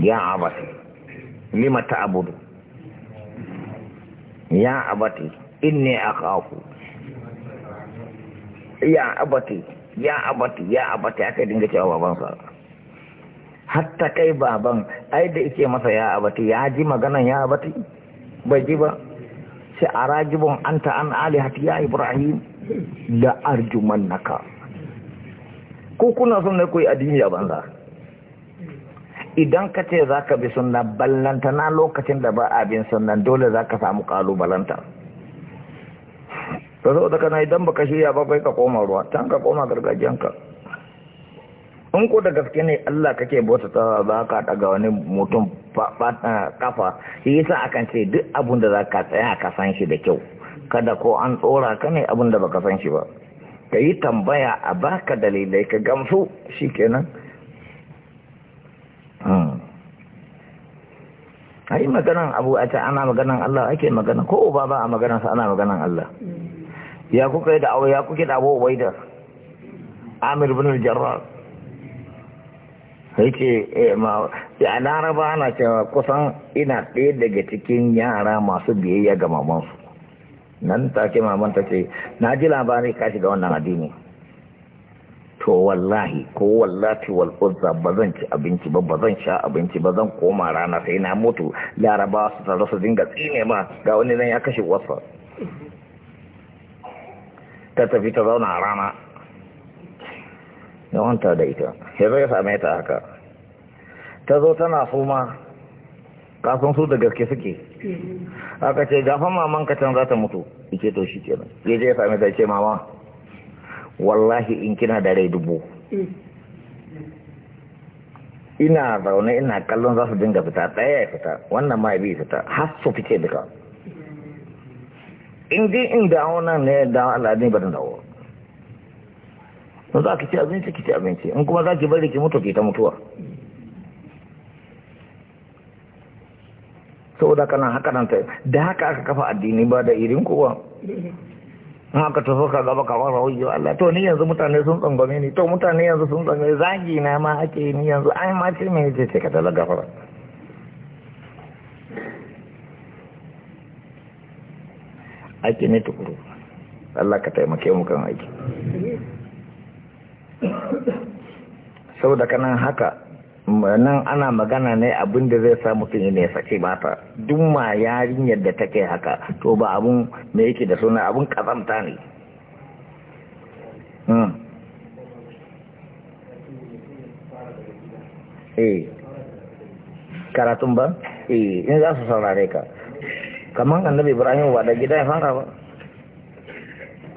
ya abati lima ta abudu ya abati inni akaku ya abati ya abati ya abati aka dinga cewa babansa hatta kai baban ai da yake masa ya abati ya ji maganan ya abati bai ji ba sai a rajibin an an alihati ya ibrahim da arjuman naka ko kuna son ne koyi addini a banza idan ka ce za ka bi sunna ballanta na lokacin da ba a bin dole za ka samu kalubalanta zo daga na idan baka shirya ba kai ka koma ruwa can ka koma gargajiyanka in ko da gaske ne Allah kake bauta ta ba ka daga wani mutum kafa eh, shi yasa akan ce duk abun da zaka tsaya ka san shi da kyau kada ko an tsora ka ne abun da baka san shi ba ka yi tambaya a baka dalilai ka gamsu shikenan hmm. ai maganan abu a ce ana maganan Allah ake magana ko uba ba a sa ana maganan Allah ya kuka yi da'awa ya kuke da abu ubaida amir bin jarrar yake eh, ma a laraba ana cewa kusan ina ɗaya daga cikin yara masu biyayya ga mamansu nan take maman ta ce na ji labarai ka shiga wannan addini to wallahi ko wallahi wal ba zan ci abinci ba ba zan sha abinci ba zan koma rana sai na mutu laraba su tare su dinga tsine ma ga wani nan ya kashe wasa ta tafi ta zauna a rana ya wanta da ita ya zai same ta haka ta zo tana suma kasan su da gaske suke aka ce gafan maman ka can za ta mutu ike to shi kenan ya je ya same ta ce mama wallahi in kina da rai dubu ina zaune ina kallon za su dinga fita ɗaya ya fita wannan ma bi fita har su fice duka in dai in da nan ne da al'adun ba da dawo to za ki ci abinci ki ci abinci in kuma za ki bari ki mutu ki ta mutuwa saboda kana haka nan da haka aka kafa addini ba da irin kowa in aka tafi ka gaba kamar rahoyi Allah to ni yanzu mutane sun tsangwame ni to mutane yanzu sun tsangwame zagi na ma ake ni yanzu ai ma ce me ce ka talaga fara aiki ne tukuru Allah ka taimake mu kan aiki saboda kanan haka nan ana magana ne abin da zai sa mutum ne ya sake mata duk ma yarin yadda take haka to ba abun me yake da suna abun kazamta ne hmm. eh karatun ba eh in za su saurare ka kamar annabi ibrahim ba da gida ya fara ba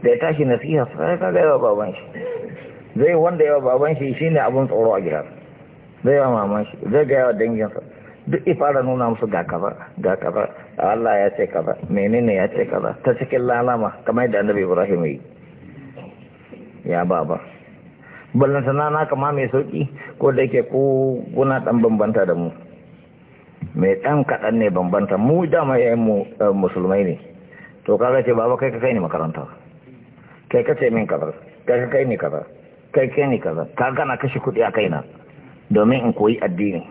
da ya tashi nasiha sai ka ga yawa baban shi zai wanda yawa baban shi shine abun tsoro a gida zai yawa maman shi zai ga yawa danginsa duk fara nuna musu ga kaza ga kaza Allah ya ce kaza menene ya ce kaza ta cikin lalama kamar da annabi ibrahim yi ya baba sana na kama mai sauki ko da yake ko guna dan bambanta da mu mai ɗan kaɗan ne bambanta mu dama yayin mu eh, musulmai ne to kaga ce baba kai ka kai ni makaranta kai ka ce min kaza kai ka kai ni kaza kai kai ni kaza ka gana kashe kuɗi a kaina domin in koyi addini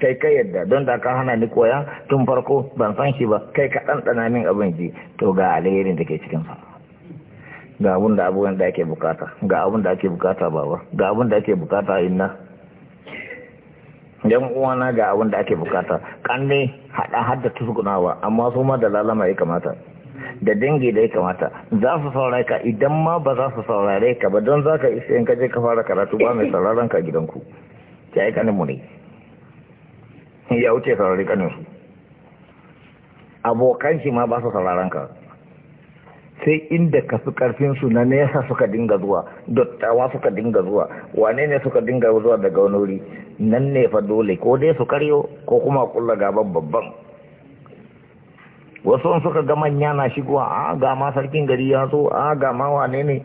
kai ka yadda don da ka hana ni koya tun farko ban san shi ba kai ka ɗanɗana min abin ji to ga alherin da ke cikin sa ga abun da abubuwan da ake bukata ga abun da ake bukata baba ga abun da ake bukata inna yan uwana ga abin da ake bukata kanne hada hadda tusgunawa amma su ma da lalama ya kamata da dangi da ya kamata za su saurare ka idan ma ba za su saurare ka ba don za ka isa in kaje ka fara karatu ba mai sauraron ka gidanku ya yi kanin mu ne ya wuce saurare kanin su abokan shi ma ba su sauraron ka sai inda ka fi ƙarfinsu na nesa suka dinga zuwa dattawa suka dinga zuwa wane ne suka dinga zuwa daga wani wuri nan ne fa dole ko dai su karyo ko kuma kulla gaban babban wasu suka ga manya na shigowa a gama sarkin gari ya zo a gama wane ne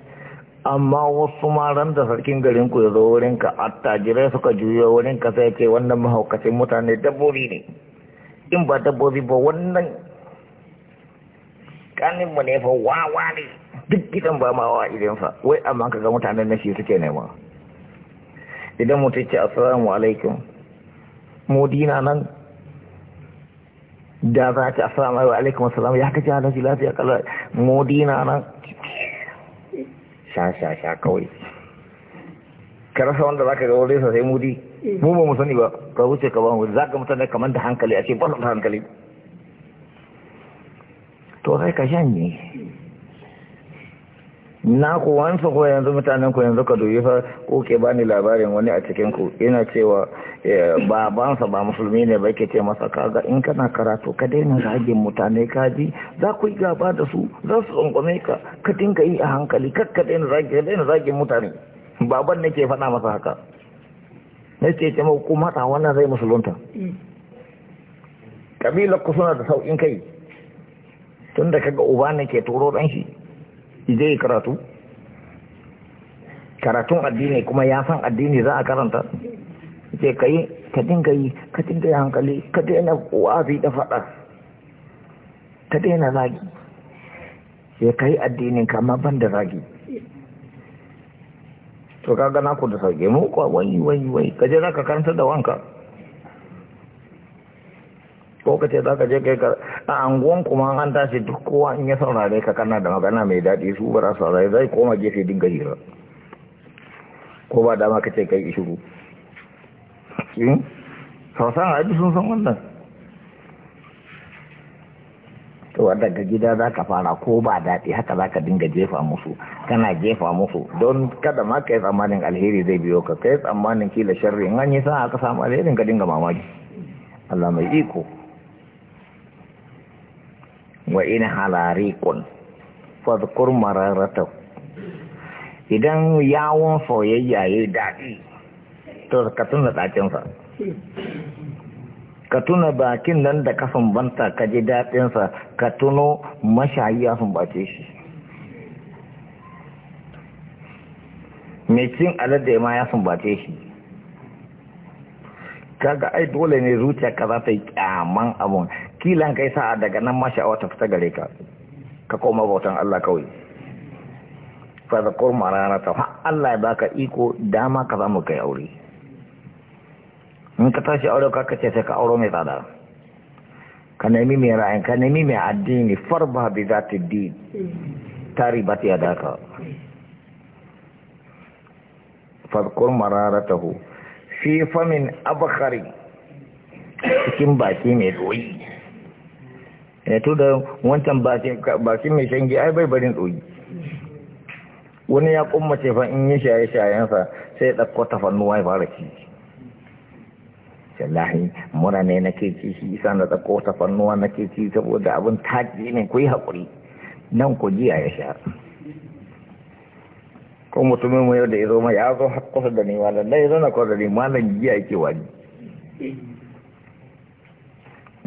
amma wasu ma ran da sarkin garin ku ya zo wurin wurinka attajirai suka juyo ka sai ce wannan mahaukacin mutane dabbobi ne in ba dabbobi ba wannan mu ne fa wawa ne duk gidan ba mawa idan fa wai amma ka ga mutanen na shi suke nema idan mu tace assalamu alaikum mu dina nan da za ta assalamu alaikum assalam ya kace ji lafiya kala mu dina nan sha sha sha kawai ka rasa wanda za ka ga wurin sa sai mudi mu ba mu sani ba ka wuce ka ba mu za ka mutane kamar da hankali a ce ba da hankali to sai ka shanye na ku wansu ko yanzu mutanen ku yanzu ka doye ko ke bani labarin wani a cikin ku yana cewa eh, babansa ba musulmi ne ba ke ce masa kaga in kana karatu ka daina zagin mutane kaji za ku yi gaba da su za su tsangwame ka ka dinga yi a hankali kar ka daina zagin mutane baban ne ke faɗa masa haka na ce ce ku mata wannan zai musulunta mm. kabilar ku suna da sauƙin kai tun da kaga uba ne ke turo ɗan shi ije yi karatu karatun addini kuma ya san addini za a karanta ce ka yi ka dinga yi ka dinga yi hankali ka daina wafi da faɗa ka daina zagi sai ka yi addinin kama ban da zagi to ka gana ku da sauke mu kwa wai wai wai kaje za ka karanta da wanka ko ka ce za ka je kai ka a anguwan kuma an tashi duk kowa in ya saurare ka kana da magana mai daɗi su ba za saurare zai koma gefe dinga hira ko ba dama ka ce kai in sausan aji sun san wannan to daga gida za ka fara ko ba daɗi haka za ka dinga jefa musu kana jefa musu don kada ma ka yi tsammanin alheri zai biyo ka kai tsammanin kila sharri in an yi sa aka samu alherin ka dinga mamaki Allah mai iko wa in halarikun fadkur mararata idan yawon soyayya ya yi daɗi to ka tuna ɗakinsa ka tuna bakin nan da ka banta ka ji daɗinsa ka tuno mashayiya sun bace shi mai cin alade ma ya sumbace shi kaga ai dole ne zuciya ka za ta yi kyaman abun kilan kai sa'a daga nan ma sha'awa ta fita gare ka ka koma bautan Allah kawai fa zakur marana ta Allah ya baka iko dama ka zama kai aure in ka tashi aure ka kace sai ka aure mai tsada ka nemi mai ra'ayin ka nemi mai addini farba bi zati din tari ba ta yada ka ta hu fi famin Abakari cikin baki mai doyi ya eh, to da wancan shi mai shangi ai bai barin tsoyi wani ya ce fa in yi shaye-shayensa sai ya ɗauko tafannuwa ya fara ci wallahi mura ne ke ci shi isa na fannuwa na ke ci saboda abin taji ne ku yi haƙuri nan ku jiya ya sha ko mutumin mu yau da ya zo ma ya zo haƙƙosa da ni malam da ya zo na kwa da ni malam jiya yake wani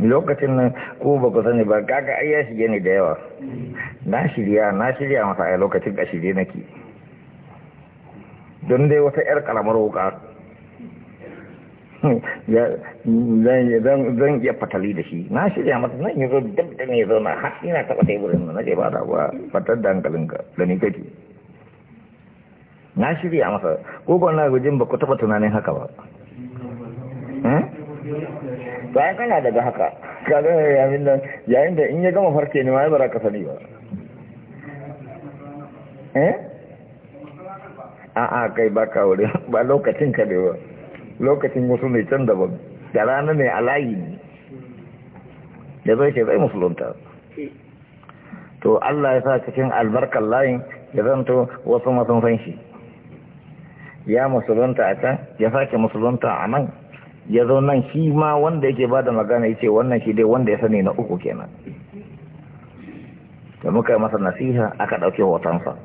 lokacin nan ko ba ku sani ba kaga ai ya shige ni da yawa na shirya na shirya masa a lokacin ka shirye nake don dai wata yar karamar wuka zan iya fatali da shi na shirya masa nan yi zo dab da ne zauna har ina taɓa teburin na ce ba da ba fatar da ka da ni kake na shirya masa ko ba na gujin ba ku taɓa tunanin haka ba hmm? to ai kana daga haka kaga yayin nan yayin da in ya gama farke ne ma ya bara ka sani ba eh a'a kai ba ka wuri ba lokacin ka ne ba lokacin wasu ne can daban da rana ne a layi ne da zai ce zai musulunta to Allah ya sa cikin albarkar layin ya zanto wasu masun fanshi. ya musulunta a can ya sake musulunta a nan ya zo nan shi ma wanda yake ba da magana ya ce wannan shi dai wanda ya sani na uku kenan da muka yi masa nasiha aka ɗauke hotonsa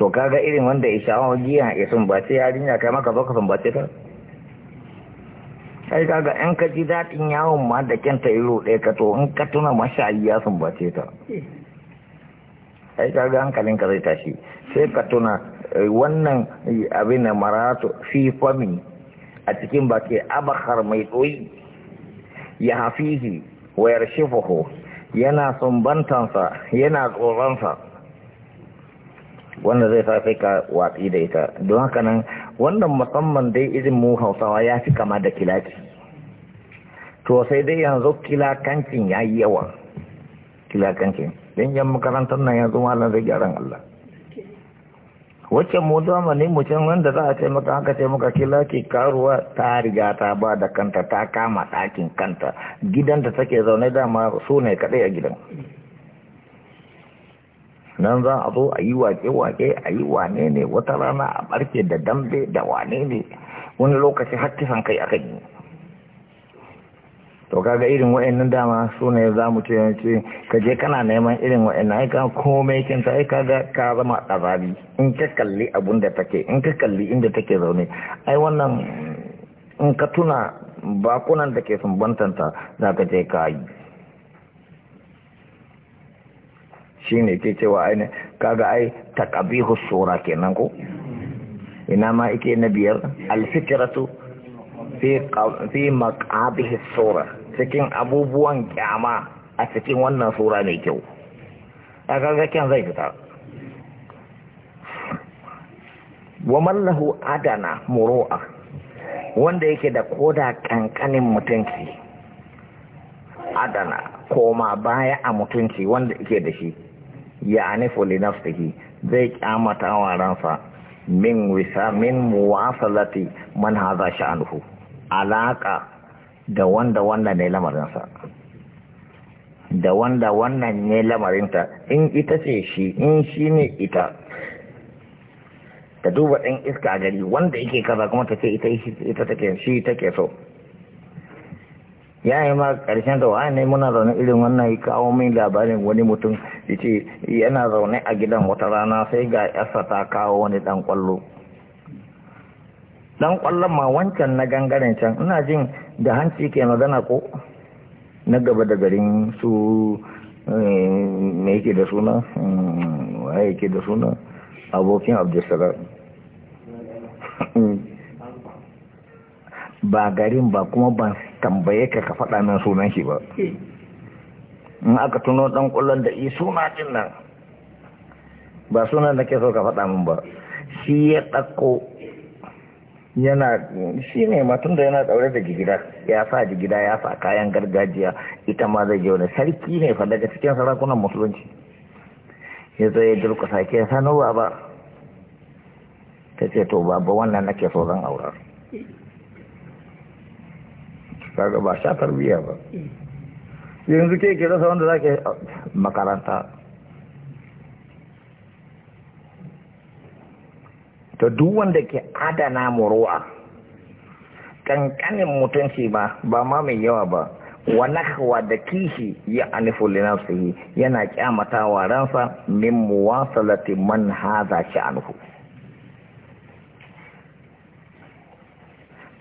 to kaga irin wanda ya sha'awar giya ya sumbace ya jinya kai maka zo ka sumbace ta kai kaga in ka ji daɗin yawon ma da kyanta yi ɗaya ka to in ka tuna mashayi ya sumbace ta kai kaga hankalinka zai tashi sai ka tuna Eh, wannan eh, abin maratu fi fami a cikin baki abakar mai ɗoyi ya hafihi wayar shifaho yana sumbantansa yana tsoronsa wanda zai sa ka watsi da ita don haka nan wannan musamman dai izin mu hausawa ya fi kama da kilaki to sai dai yanzu kilakancin ya yi yawa kilakancin don yan makarantar nan yanzu malam zai gyaran Allah wacce mu ne mutum wanda za a taimaka haka taimaka kila ke karuwa ta riga ta ba da kanta ta kama ɗakin kanta gidan da take zaune dama su ne kaɗai a gidan nan za a zo a yi wake-wake a yi wane ne wata rana a ɓarke da dambe da wane ne wani lokaci har kisan kai akan yi to kaga irin wa'annan dama su ne za mu ce yanci ka je kana neman irin wa'annan aika komai kin ta aika ga ka zama ɗarabi in ka kalli abun da take in ka kalli inda take zaune ai wannan in ka tuna bakunan da ke sumbantanta za ka je ka yi shi ne ke cewa aini kaga ai takabihu sura kenan ko ina ma ike na biyar alfikiratu fi maqabihi sura cikin abubuwan kyama a cikin wannan sura mai kyau a gargaken zai fita wa mallahu adana muru'a wanda yake da koda kankanin mutunci adana koma baya a mutunci wanda yake da shi ya anifu li zai kyamata wa ransa min wisa min muwasalati man hadha sha'anuhu alaƙa da wanda wannan ne lamarinsa da wanda wannan ne lamarinta in ita ce shi in shi ne ita ta duba ɗin iska a gari wanda yake kaza kuma ta ce ita take shi take so ya yi ma ƙarshen da wani ne muna zaune irin wannan ya kawo min labarin wani mutum ya ce yana zaune a gidan wata rana sai ga yarsa ta kawo wani ɗan ƙwallo dan kwallon ma wancan na gangaren can ina jin da hanci ke magana ko na gaba da garin su eh, me yake da suna hmm, waye yake da suna abokin abdulsalam ba garin ba kuma ba tambaye ka ka faɗa min sunan shi ba in aka tuno ɗan ƙullon da yi suna din nan ba sunan da ke so ka faɗa min ba shi ya ɗako yana shi ne matun da yana tsaure da jigida ya sa jigida ya sa kayan gargajiya ita ma zai je wani sarki ne fa daga cikin sarakunan musulunci ya zo ya durkusa ke sanowa ba ta ce to babu wannan nake so zan aura ba sha tarbiyya ba yanzu ke ke rasa wanda zake makaranta to duk wanda ke adana muru'a kankanin mutunci ba ba ma mai yawa ba wa nahwa da kishi ya anifu li nafsihi yana kyamata wa ransa min muwasalati man hadha anhu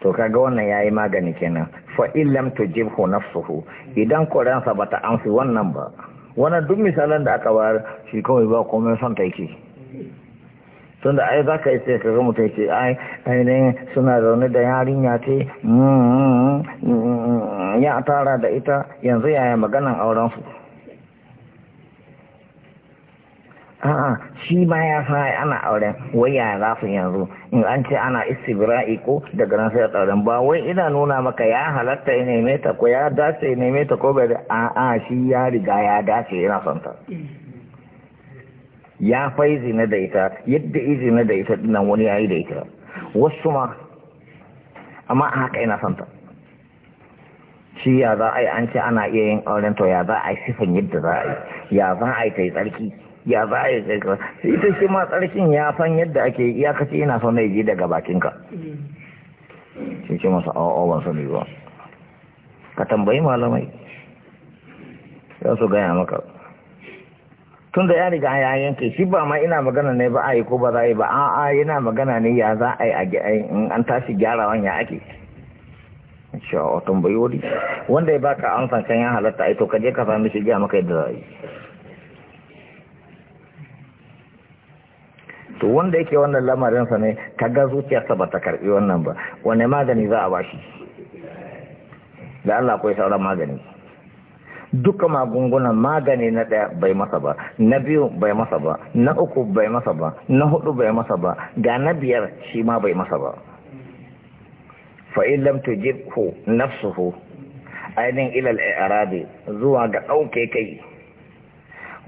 to kaga wannan yayi magani kenan fa in lam tujibhu nafsuhu idan ko ransa bata amsi wannan ba wannan duk misalan da aka bayar shi kawai ba komai son ta yake tunda da ai za ka yi ka ga mutum ce ai ainihin suna zaune da yarinya ce mm, mm, ya tara da ita yanzu yaya maganan aurensu a'a shi ma ya sa ana auren wai yaya za su yanzu in an ce ana istibra'i ko daga nan sai auren ba wai ina nuna maka ya halatta ya neme ta ko ya dace ya neme ta ko bai a'a shi ya riga ya dace yana santa. ya fai zina da ita yadda izina da ita dinan wani yayi da ita wasu ma amma a haka ina santa shi ya za a yi an ce ana iya yin auren to ya za a yi sifin yadda za a yi ya za a yi ta yi tsarki ya za a yi tsarki ita shi ma tsarkin ya san yadda ake yi ya kace ina son na yi daga bakinka shi ce masa awa ban sani ba ka tambayi malamai za su gaya maka tun da ya riga ya yanke shi ba ma ina magana ne ba a yi ko ba za a yi ba a'a yana magana ne ya za a yi a an tashi gyarawan ya ake wanda ya baka an san ya halatta aito kaje ka sami shi gya maka yadda za a to wanda yake wannan lamarin sa ne kaga zuciyarsa ba ta karbi wannan ba wanne magani za a shi da Allah akwai sauran magani duka magungunan magani na ɗaya bai masa ba na biyu bai masa ba na uku bai masa ba na hudu bai masa ba ga na biyar shi ma bai masa ba fa'in lam tujibhu nafsuhu ainihin ilal arabi zuwa ga ɗauke kai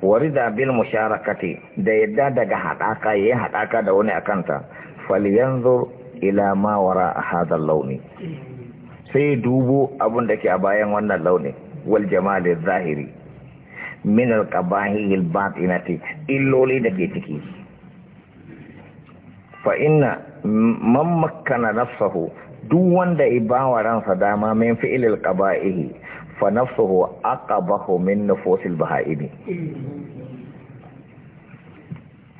warida bil musharakati da yadda daga haɗaka ya yi haɗaka da wani akanta falyanzur ila ma wara hadha launi sai dubo abun da ke a bayan wannan launin والجمال الظاهري من القباهي الباطنة إلولي دقيتك فإن من مكن نفسه duk wanda ibawa ransa dama min fi'il alqaba'i fa nafsuhu aqabahu min nufusil baha'imi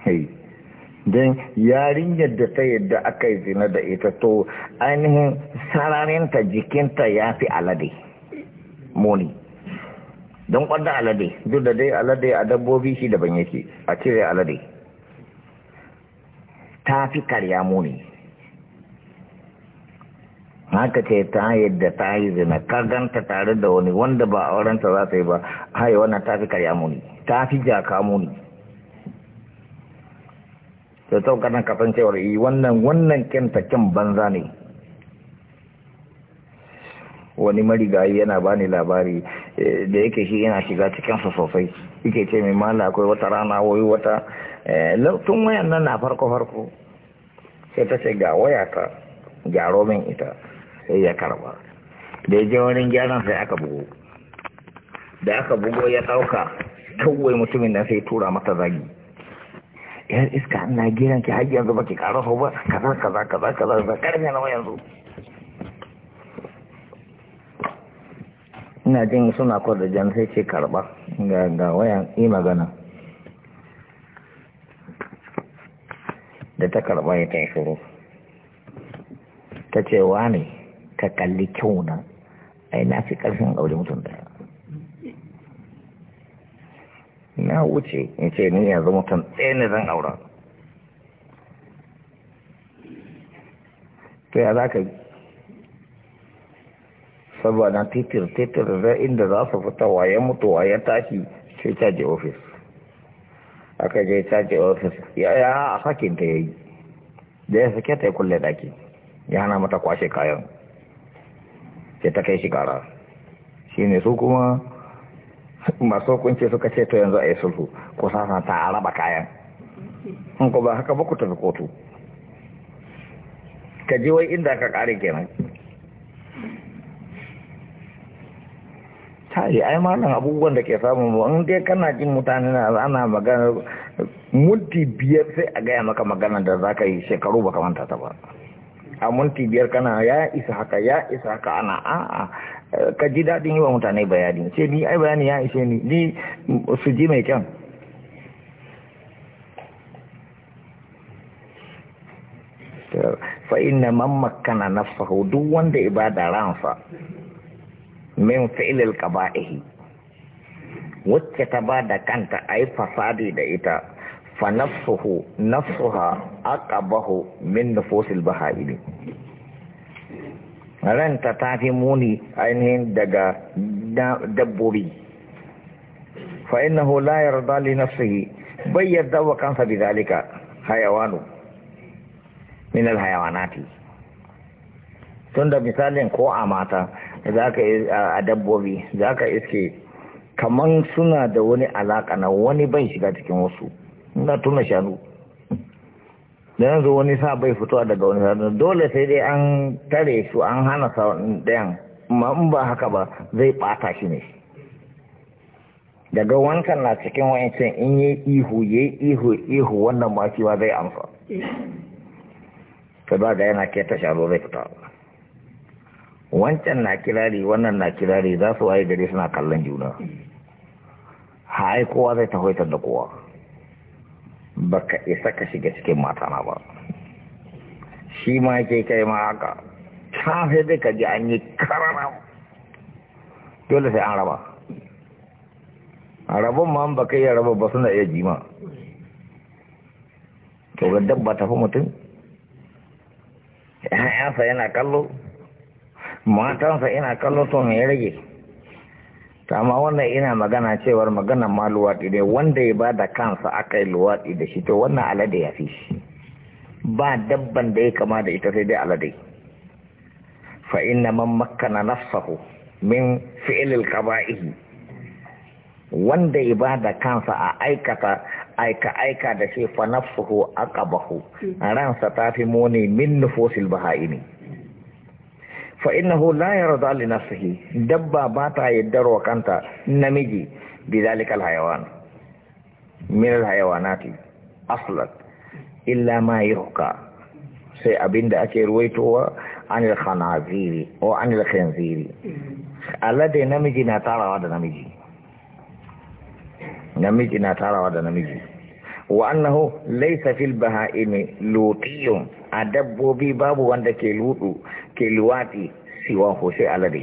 hey dan yarin yadda ta yadda aka yi zina da ita to ainihin sararin ta jikinta ya fi alade muni don kwanda alade duk da dai alade a dabbobi shi daban yake a cire alade ta fi karya muni haka ce ta yadda ta yi zina ka ganta tare da wani wanda ba aurenta za ta yi ba hai wannan ta fi karya muni ta fi jaka muni da sauƙanan kasancewar yi eh, wannan wannan kyanta kyan banza ne wani marigayi yana bani labari eh, da yake shi yana shiga cikinsu sosai yake ce mai mala akwai wata rana wai wata eh, tun wayan nan na farko-farko sai ta ce ga waya ta gyaro min ita sai ya karba da ya je wurin gyaran sai aka bugo da aka bugo ya ɗauka kawai mutumin nan sai tura mata zagi yan iska ina giranki har yanzu baki karo ba kaza kaza kaza kaza kaza karfe na yanzu ina jin suna kwada jan sai ce karba ga wayan yi magana da ta karba ya tafi shuru ta ce wa ne ka kalli kyau na ai na fi ƙarfin aure mutum daya na wuce in ce ni yanzu mutum ɗaya ne zan aura to ya za ka saboda titir titir da inda za su fita waye mutuwa ya tashi sai caji ofis aka je caji ofis ya ya a sakinta ya yi da ya sake ta ya kulle daki ya hana mata kwashe kayan ke ta kai shi shi shine su kuma masu hukunci suka ce to yanzu a yi sulhu ko sasa ta raba kayan in ku ba haka ba ku tafi kotu ka je wai inda ka kare kenan kai ai malam abubuwan da ke samun mu an dai kana jin mutane na ana magana munti biyar sai a gaya maka magana da za yi shekaru baka manta ta ba a munti biyar kana ya isa haka ya isa haka ana a'a ka ji dadin yi wa mutane bayani ce ni ai bayani ya ishe ni ni su ji mai kyan fa inna man makkana nafsahu duk wanda ibada ransa min fi'lil qaba'ihi wacce ta ba da kanta yi fasadi da ita fa nafsuhu nafsuha aqabahu min nufusil baha'ili ranta ta fi muni ainihin daga dabbobi fa innahu la yarda li nafsihi bai yarda wa kansa bi zalika hayawanu min al hayawanati tunda misalin ko a mata za ka a dabbobi za ka iske kaman suna da wani alaka na wani bai shiga cikin wasu na tuna shanu da yanzu wani sa bai fitowa daga wani shanu dole sai dai an tare su an hana sa ɗayan ma in ba haka ba zai ɓata shi ne daga wankan na cikin wancan in yi ihu ya yi ihu ihu wannan ma zai amsa ta eh. ba ga yana keta shanu zai fita wancan na kirari wannan na kirari za su waye gari suna kallon juna hai kowa zai tahaitar da kowa Ba ka isa ka shiga cikin mata na ba shi ma ke kai ma haka ta sai dai ka ji an yi karara dole sai an raba A rabon ma ba ka yi raba ba suna iya jima to ga dabba tafi mutum Ya yasa yana kallo matansa ina kallo to ya rage amma wannan ina magana cewar maganar ma luwaɗi ne wanda ya ba da kansa aka yi luwaɗi da shi to wannan alade ya fi shi ba dabban da ya kama da ita sai dai alade fa inna man makkana nafsahu min fi'lil qaba'ihi wanda ya ba da kansa a aikata aika aika da shi fa nafsuhu aqabahu hmm. ransa ta fi muni min nufusil baha'ini فإنه لا يرضى لنفسه دبا باتا يدر وكانتا نمجي بذلك الحيوان من الحيوانات أصلا إلا ما يرقى سي أبين دا رويتو عن الخنازير وعن عن الخنزير الذي نمجي نتارا ودا نمجي نمجي نتارا ودا نمجي وأنه ليس في البهائم لوطي a dabbobi babu wanda ke ludu ke luwati siwa sai alade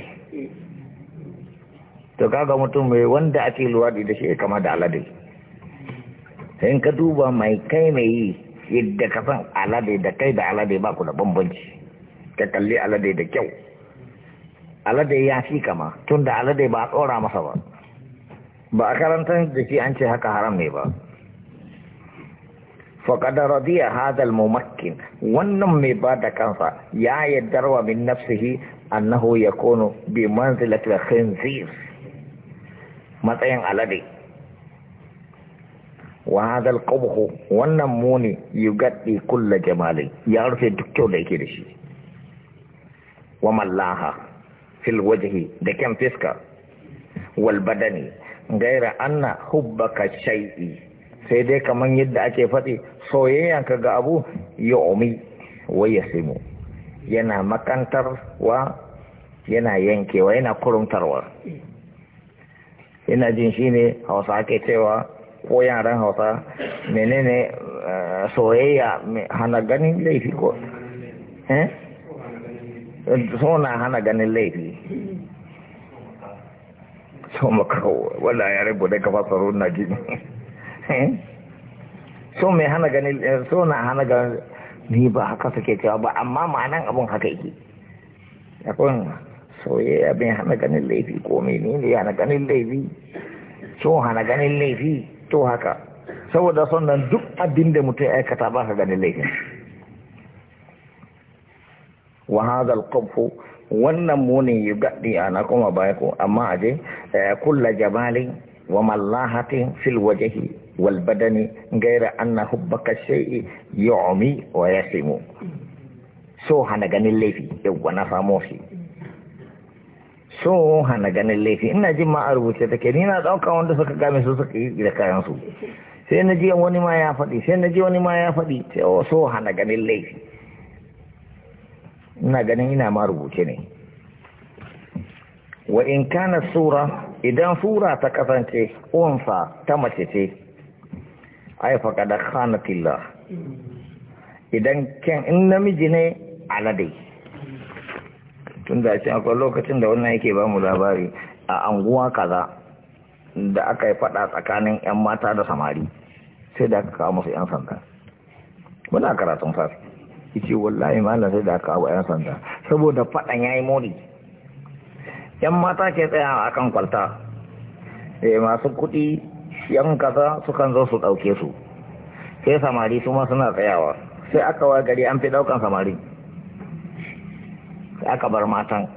to kaga mutum mai wanda ake luwadi da shi kama da alade in ka duba mai kai mai yi yadda ka san alade da kai da alade ba ku da bambanci ka kalli alade da kyau alade ya fi kama tunda alade ba a tsora masa ba ba a karanta da shi an ce haka haram ne ba فقد hadal mu makkin wannan mai ba da kansa ya yaddarwa min nafsihi annahu yakunu bi manzilati khinzir matsayin alade wa hadal alqubh wannan muni yugaddi kulla jamali ya rufe duk kyau da yake da shi wa mallaha fil wajhi da kyan fiska wal badani gaira anna hubbaka shay'i sai dai kamar yadda ake faɗi ka ga abu ya omi wai ya simu yana makantarwa yana yankewa yana kurumtarwa Yana jin shi ne hausa ake cewa ko yaran hausa menene eh, soyayya hana ganin laifi ko eh? suna hana ganin laifi so wala ya rabu da kafa na gini Eh? so mai hana ganin eh, so na hana ganin ni ba haka suke cewa ba amma ma'anan abun haka yake akwai soye bai hana ganin laifi ko menene ne hana ganin laifi so hana ganin laifi to haka saboda nan duk abin da mutum ya aikata ba ka ganin laifin wa hadha alqabhu wannan munin yugadi ana kuma baya ko amma aje eh, kulla jamalin wa mallahatin fil wajhi والبدن غير أن حبك الشيء يعمي ويسم so hana ganin laifi yawwa na famo shi so hana ganin laifi ina jin ma a rubuce take ni na ɗauka wanda suka game su suka yi da kayan su sai na ji wani ma ya faɗi sai na ji wani ma ya faɗi so hana ganin laifi ina ganin ina ma rubuce ne wa in kana sura idan sura ta kasance unfa ta mace ce ai faƙada khanatilla idan kyan in namiji ne alade tunda cin akwai lokacin da wannan yake ba mu labari a anguwa kaza da aka yi faɗa tsakanin 'yan mata da samari sai da aka kawo musu 'yan sanda muna karatun safi ice wallahi malam sai da aka kawo 'yan sanda saboda faɗan yayi yi mori 'yan mata ke tsayawa akan kwalta eh, masu kuɗi yan kasa sukan zo su ɗauke su sai samari su ma suna tsayawa sai aka wa gari an fi ɗaukan samari sai aka bar matan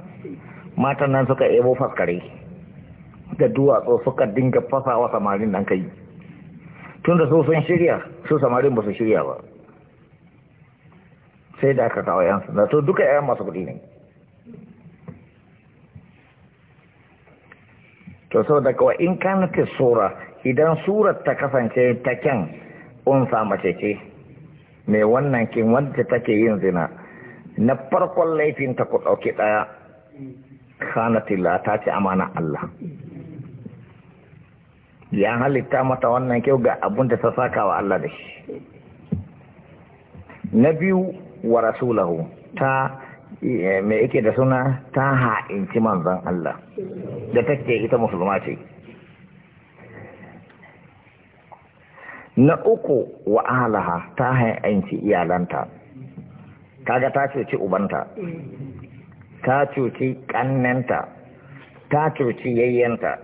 matan nan suka ebo faskare da duwatsu suka dinga fasawa samarin nan kai tun da su sun shirya su samarin ba su shirya ba sai da aka kawo yansu da to duka yan masu kuɗi ne to sau daga kawai in kanata sura idan surar ta kasance ta kyan unsa mace ce mai wannan kin wanda take yin zina na farkon laifin ta ku ɗauki ɗaya khanatila ta ce amana Allah ya halitta mata wannan kyau ga abin da ta saka wa Allah da shi na biyu wa rasulahu ta eh, mai yake da suna ta ha'inci manzon Allah da take ita musulma ce na uku wa ahalaha ta hanyanci iyalanta kaga ta cuci ubanta ta cuci kannanta ta cuci yayyanta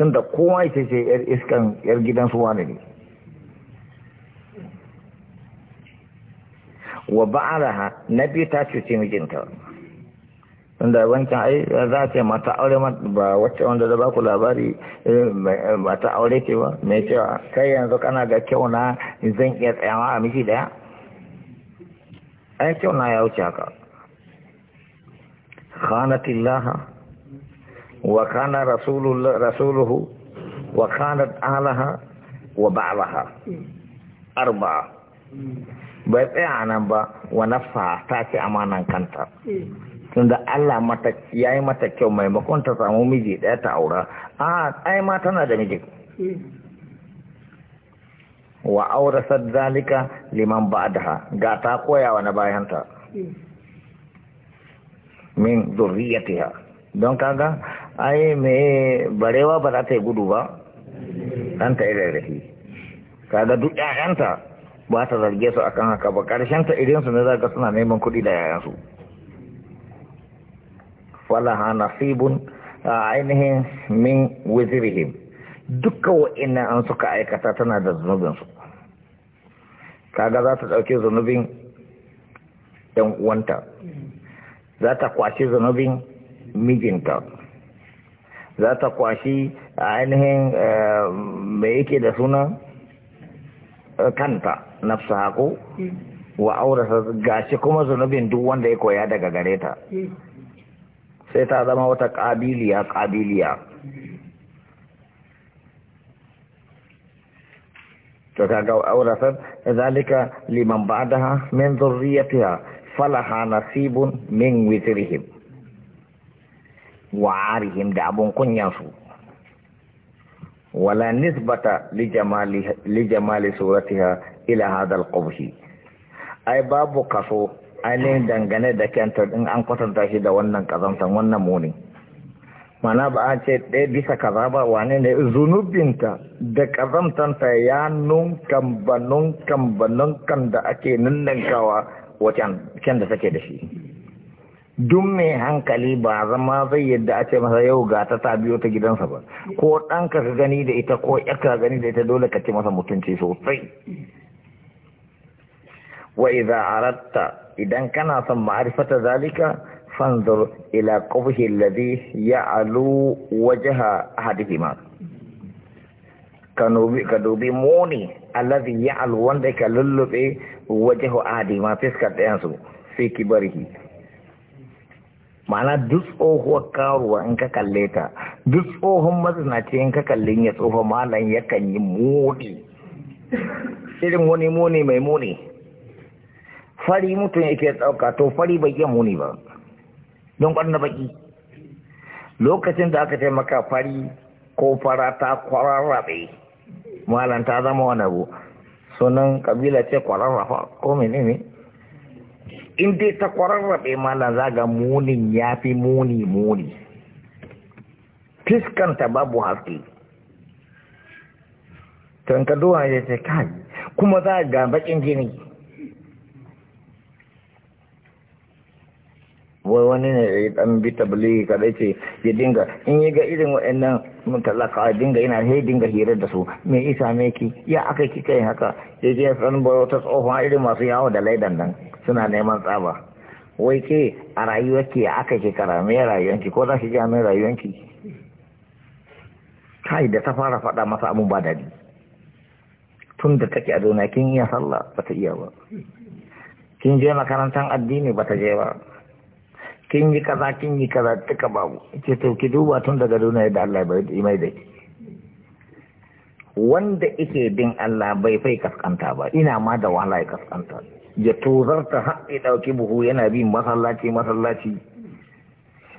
tun da kowa ita ce yar iskan yar gidan su wani ne wa ba'alaha na biyu ta cuci mijinta inda wancan ai za ce mata aure ba wacce wanda da ku labari eh, eh, mata aure ce ba mai cewa kai yanzu kana ga kyau na zan iya tsayawa a miki daya ai kyau na ya wuce haka khanatillaha wa kana rasuluhu wa kanat alaha wa ba'alaha arba bai tsaya nan ba wa nafa ta ce amanan kanta hmm. tunda Allah mata ya yi mata kyau maimakon ta samu miji ɗaya ta aura a ai ma tana da miji wa aure zalika liman ba'daha ga ta koya wa na bayanta min zurriyatiha don kaga ai me barewa ba za ta yi gudu ba ɗanta irarrahi kaga duk ƴaƴanta ba ta zarge su akan haka ba ƙarshen ta idan su ne zaka suna neman kuɗi da yayansu falaha nasibun ainihin min wizirihim duka wa'annan an suka aikata tana da zunubinsu kaga za ta ɗauki zunubin ɗan uwanta za ta kwashi zunubin mijinta za ta kwashi ainihin mai yake da suna kanta na wa aurata gashi kuma zunubin duk wanda ya koya daga gareta. sai ta zama wata ƙabiliya ƙabiliya to kaga aurasar zalika liman ba'daha min zurriyatiha falaha nasibun min witrihim wa arihim da abun kunyansu wala nisbata li jamali li jamali suratiha ila hadha al ai babu kaso ainihin dangane da kyanta in an kwatanta shi da wannan kazantan wannan muni mana ba a ce ɗaya bisa kaza ba wane ne zunubinta da kazantanta ya nunkan ba nunkan ba nunkan da ake wajen kyan da take da shi duk mai hankali ba zama zai yadda a ce masa yau ga ta biyo ta gidansa ba ko ɗanka ka gani da ita ko ka gani da ita dole ka ce masa mutunci sosai wa idza aratta idan kana son ma'arifata zalika fanzur ila qubhi alladhi ya'lu wajha ahadihima ma. ka dubi muni alladhi ya'lu wanda ka lullube wajhu ahadihima fiskar ɗayan su sai kibarihi ma'ana duk tsohuwa karuwa in ka kalle ta duk tsohon mazinaci in ka kalle ya tsohon malam yakan yi muni irin wani muni mai muni fari mutum yake ɗauka to fari bai yi muni ba don ƙwarna baƙi lokacin da aka taimaka fari ko fara ta kwararrabe malam ta zama wani abu sunan ƙabila ce kwararrafa ko mene ne in dai ta kwararrabe malam ga munin ya fi muni muni fiskanta babu haske tankaduwa ya ce kai kuma za ga baƙin gini. wai wani ne ya dan bi tabligi kadai ce ya dinga in yi ga irin waɗannan mutalaka dinga yana sai dinga hira da su me isa me ki ya aka ki kai haka ya je san ba wata tsofa irin masu yawo da laidan nan suna neman tsaba wai ke a rayuwarki ya aka ki kara me ki ko za ki ga me ki kai da ta fara faɗa masa abun ba dadi tun da take a zona kin iya sallah ba ta iya ba kin je makarantar addini ba ta je ba kin yi kaza kin yi kaza duka babu ce to ki duba tun daga duniya da Allah bai yi mai da wanda yake bin Allah bai fai kaskanta ba ina ma da wahala ya kaskanta ya tozarta har ya dauki buhu yana bin masallaci masallaci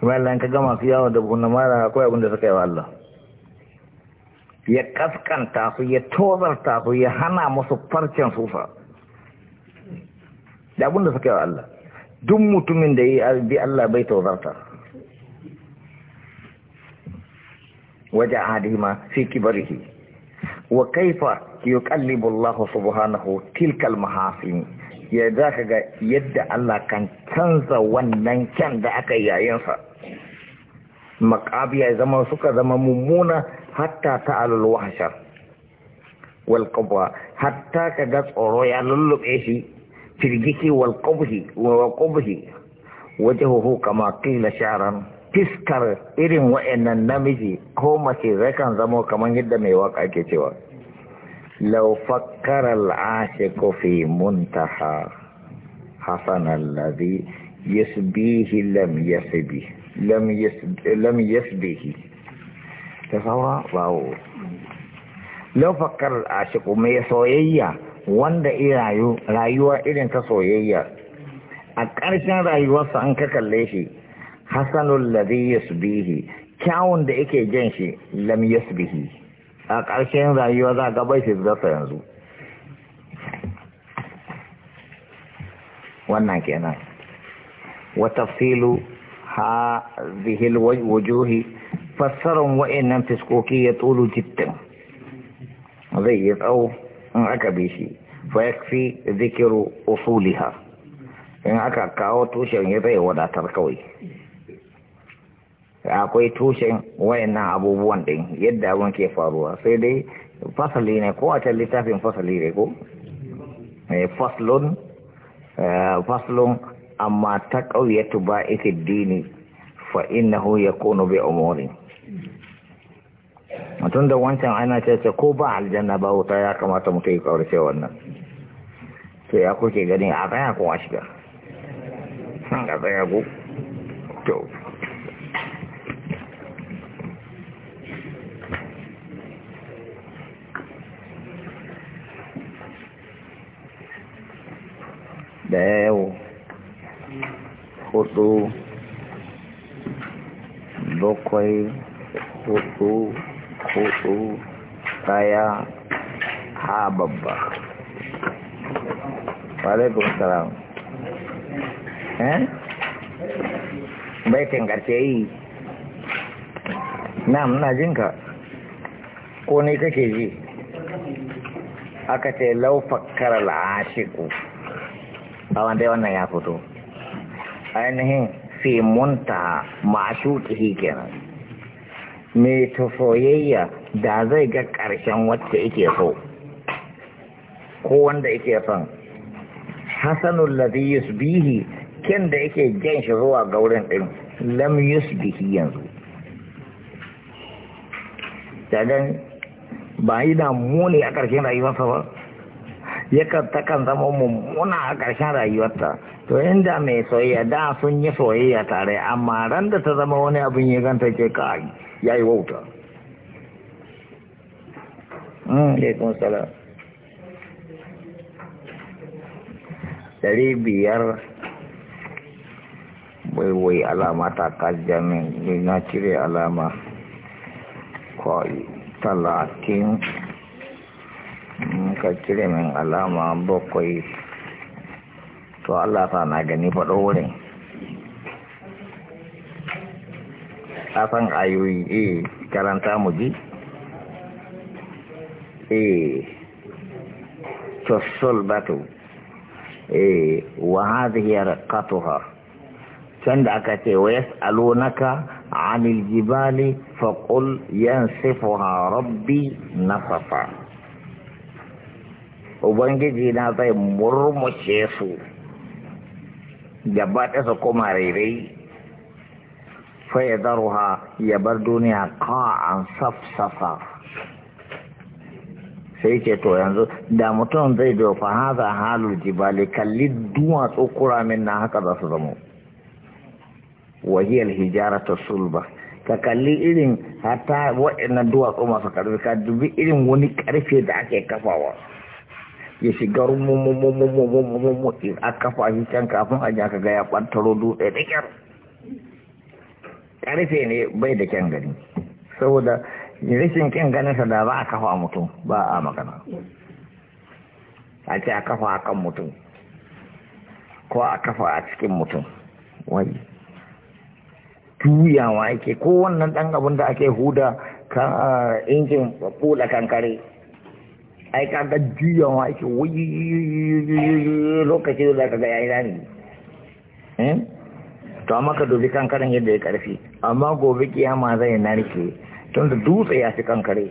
wallan ka ga masu yawo da buhun mara akwai abin da suka yi wa Allah ya kaskanta su ya tozarta su ya hana musu farcen sufa da abin da suka yi wa Allah duk mutumin da ya bi Allah bai tozarta waje adima fi kibarihi wa kaifa yuqallibu Allah subhanahu tilkal mahasin ya zaka ga yadda Allah kan canza wannan kyan da aka yayin sa maqabiya zama suka zama mummuna hatta ta'alul wahshar wal qabwa hatta kaga tsoro ya lullube shi في الجك والقبه وقبه وجهه كما قيل شعرا تسكر إرم وإن النمج كوما سيذكا زمو كما جدا ميواقع كتوا لو فكر العاشق في منتحى حسن الذي يسبيه لم يسبيه لم يسب لم يسبيه تصور لو فكر العاشق ما يسويه wanda irayu rayuwa irin ta soyayya a ƙarshen rayuwarsa an ka kalle shi hasanul ladhi yasbihi kyawun da yake jan shi lam yasbihi a ƙarshen rayuwa za ga bai fitarsa yanzu wannan kenan wa tafsilu hadhihi alwujuhi fassaran wa'annan fiskoki ya tulu jittin zai yi tsawo in aka bi shi fa yakfi zikiru usuliha in aka kawo tushen ya zai wadatar kawai akwai tushen wayannan abubuwan din yadda abun ke faruwa sai dai fasali ne ko a littafin fasali ne ko eh, faslun eh, faslun amma ta ƙauyatu ba ita dini fa innahu yakunu bi umuri tun da wancan ana ce ko ba aljanna ba wuta ya kamata mutum ya kaurace wannan to ya kuke gani a tsaya kuma shiga a tsaya ku to da yau hudu bakwai hudu hudu daya ha babba walaikun salam eh baitin yi na muna jinka ko ne kake ji aka ce laufakar la'ashiku a wanda wannan ya fito ainihin fi munta ma'ashuki kenan mai soyayya da zai ga ƙarshen wacce yake so ko wanda yake son hasanul ladhi yusbihi kin da yake jan shi zuwa ga wurin din lam yusbihi yanzu dan ba yi muni a ƙarshen rayuwarsa ba yakan kan zama mummuna a ƙarshen rayuwarta to inda mai soyayya da sun yi soyayya tare amma ran da ta zama wani abin ya ganta ke kai ya yi wauta hmm. alaikun salam dari biyar waiwai alama ta kajamin na cire alama kwai talatin ka cire min alama bakwai to Allah ta na gani faɗo wurin san ayoyi e karanta mu ji to eh, sol batu e wa hadhihi raqatuha can da aka ce wa yas'alunaka anil jibali faqul yansifuha rabbi nasafa ubangiji na zai murmushe su gaba ɗasa kuma rairai فيذرها duniya دنيا قاعا صفصفا sai ce to yanzu da mutum zai zo fa haza halul jibali kalli duwatsu min na haka za su zamo wahiyar hijara ta sulba ka kalli irin hata waɗannan duwatsu masu karfi ka dubi irin wani karfe da ake kafawa ya shiga rumumumumumumumumumum a kafa shi can kafin a ka ga ya ɓantaro dutse da kyar karfe ne bai da kyan gani saboda rashin kyan ganinsa da ba a kafa mutum ba a magana a ce a kafa a kan mutum ko a kafa a cikin mutum wai tuyawa ake ko wannan dan abin da ake huda ka injin kula kankare ai ga juyawa ake wuyi lokaci da ka ga yayi rani to amma ka dubi kankaren yadda ya karfi amma gobe kiyama zai narke tun da dutse ya fi kankare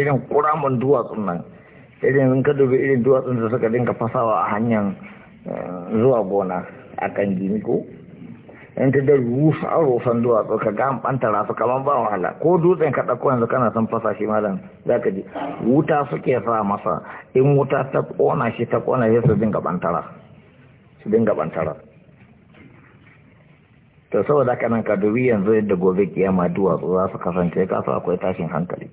irin kuramun duwatsun nan irin in ka dubi irin duwatsun da suka dinka fasawa a hanyar eh, zuwa gona a kan gini ko in ka da rufa a rufan duwatsu ka ga bantara su kamar ba wahala ko dutsen ka ɗauko yanzu kana son fasa shi malam za ka ji wuta suke sa masa in wuta ta ƙona shi ta ƙona shi su dinga ɓantara. su dinga to saboda haka nan ka yanzu yadda gobe kiyama duwatsu za su kasance kasu akwai tashin hankali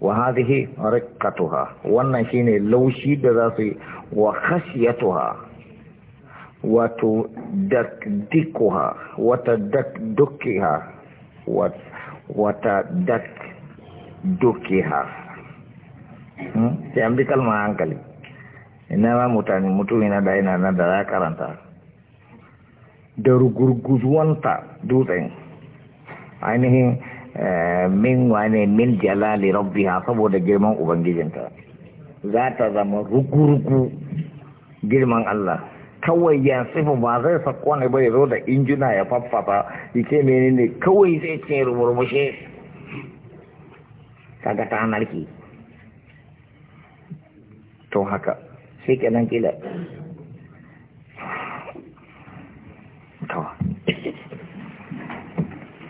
wa hadhihi riqqatuha wannan shine laushi da za su yi wa khashyatuha wato dakdikuha wata dakdukiha wata dakdukiha hmm? sai an bi kalma hankali ina ma mutane mutum ina da yana da ya karanta da rugurguzuwanta dutsen ainihin eh, min wane min jalali rabbiha saboda girman ubangijinta za ta zama rugurugu girman Allah kawai ya sifa ba zai sako ne ya zo da injina ya faffafa yake menene kawai zai ce rumurmushe kaga ta narki to haka sai kenan kila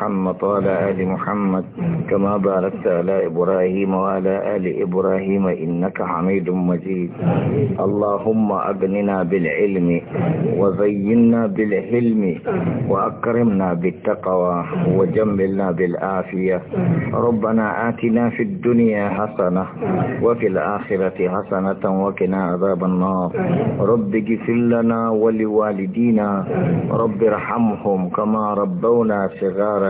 محمد وعلى آل محمد كما باركت على إبراهيم وعلى آل إبراهيم إنك حميد مجيد اللهم أغننا بالعلم وزينا بالحلم وأكرمنا بالتقوى وجملنا بالعافية ربنا آتنا في الدنيا حسنة وفي الآخرة حسنة وقنا عذاب النار رب اغفر لنا ولوالدينا رب ارحمهم كما ربونا صغارا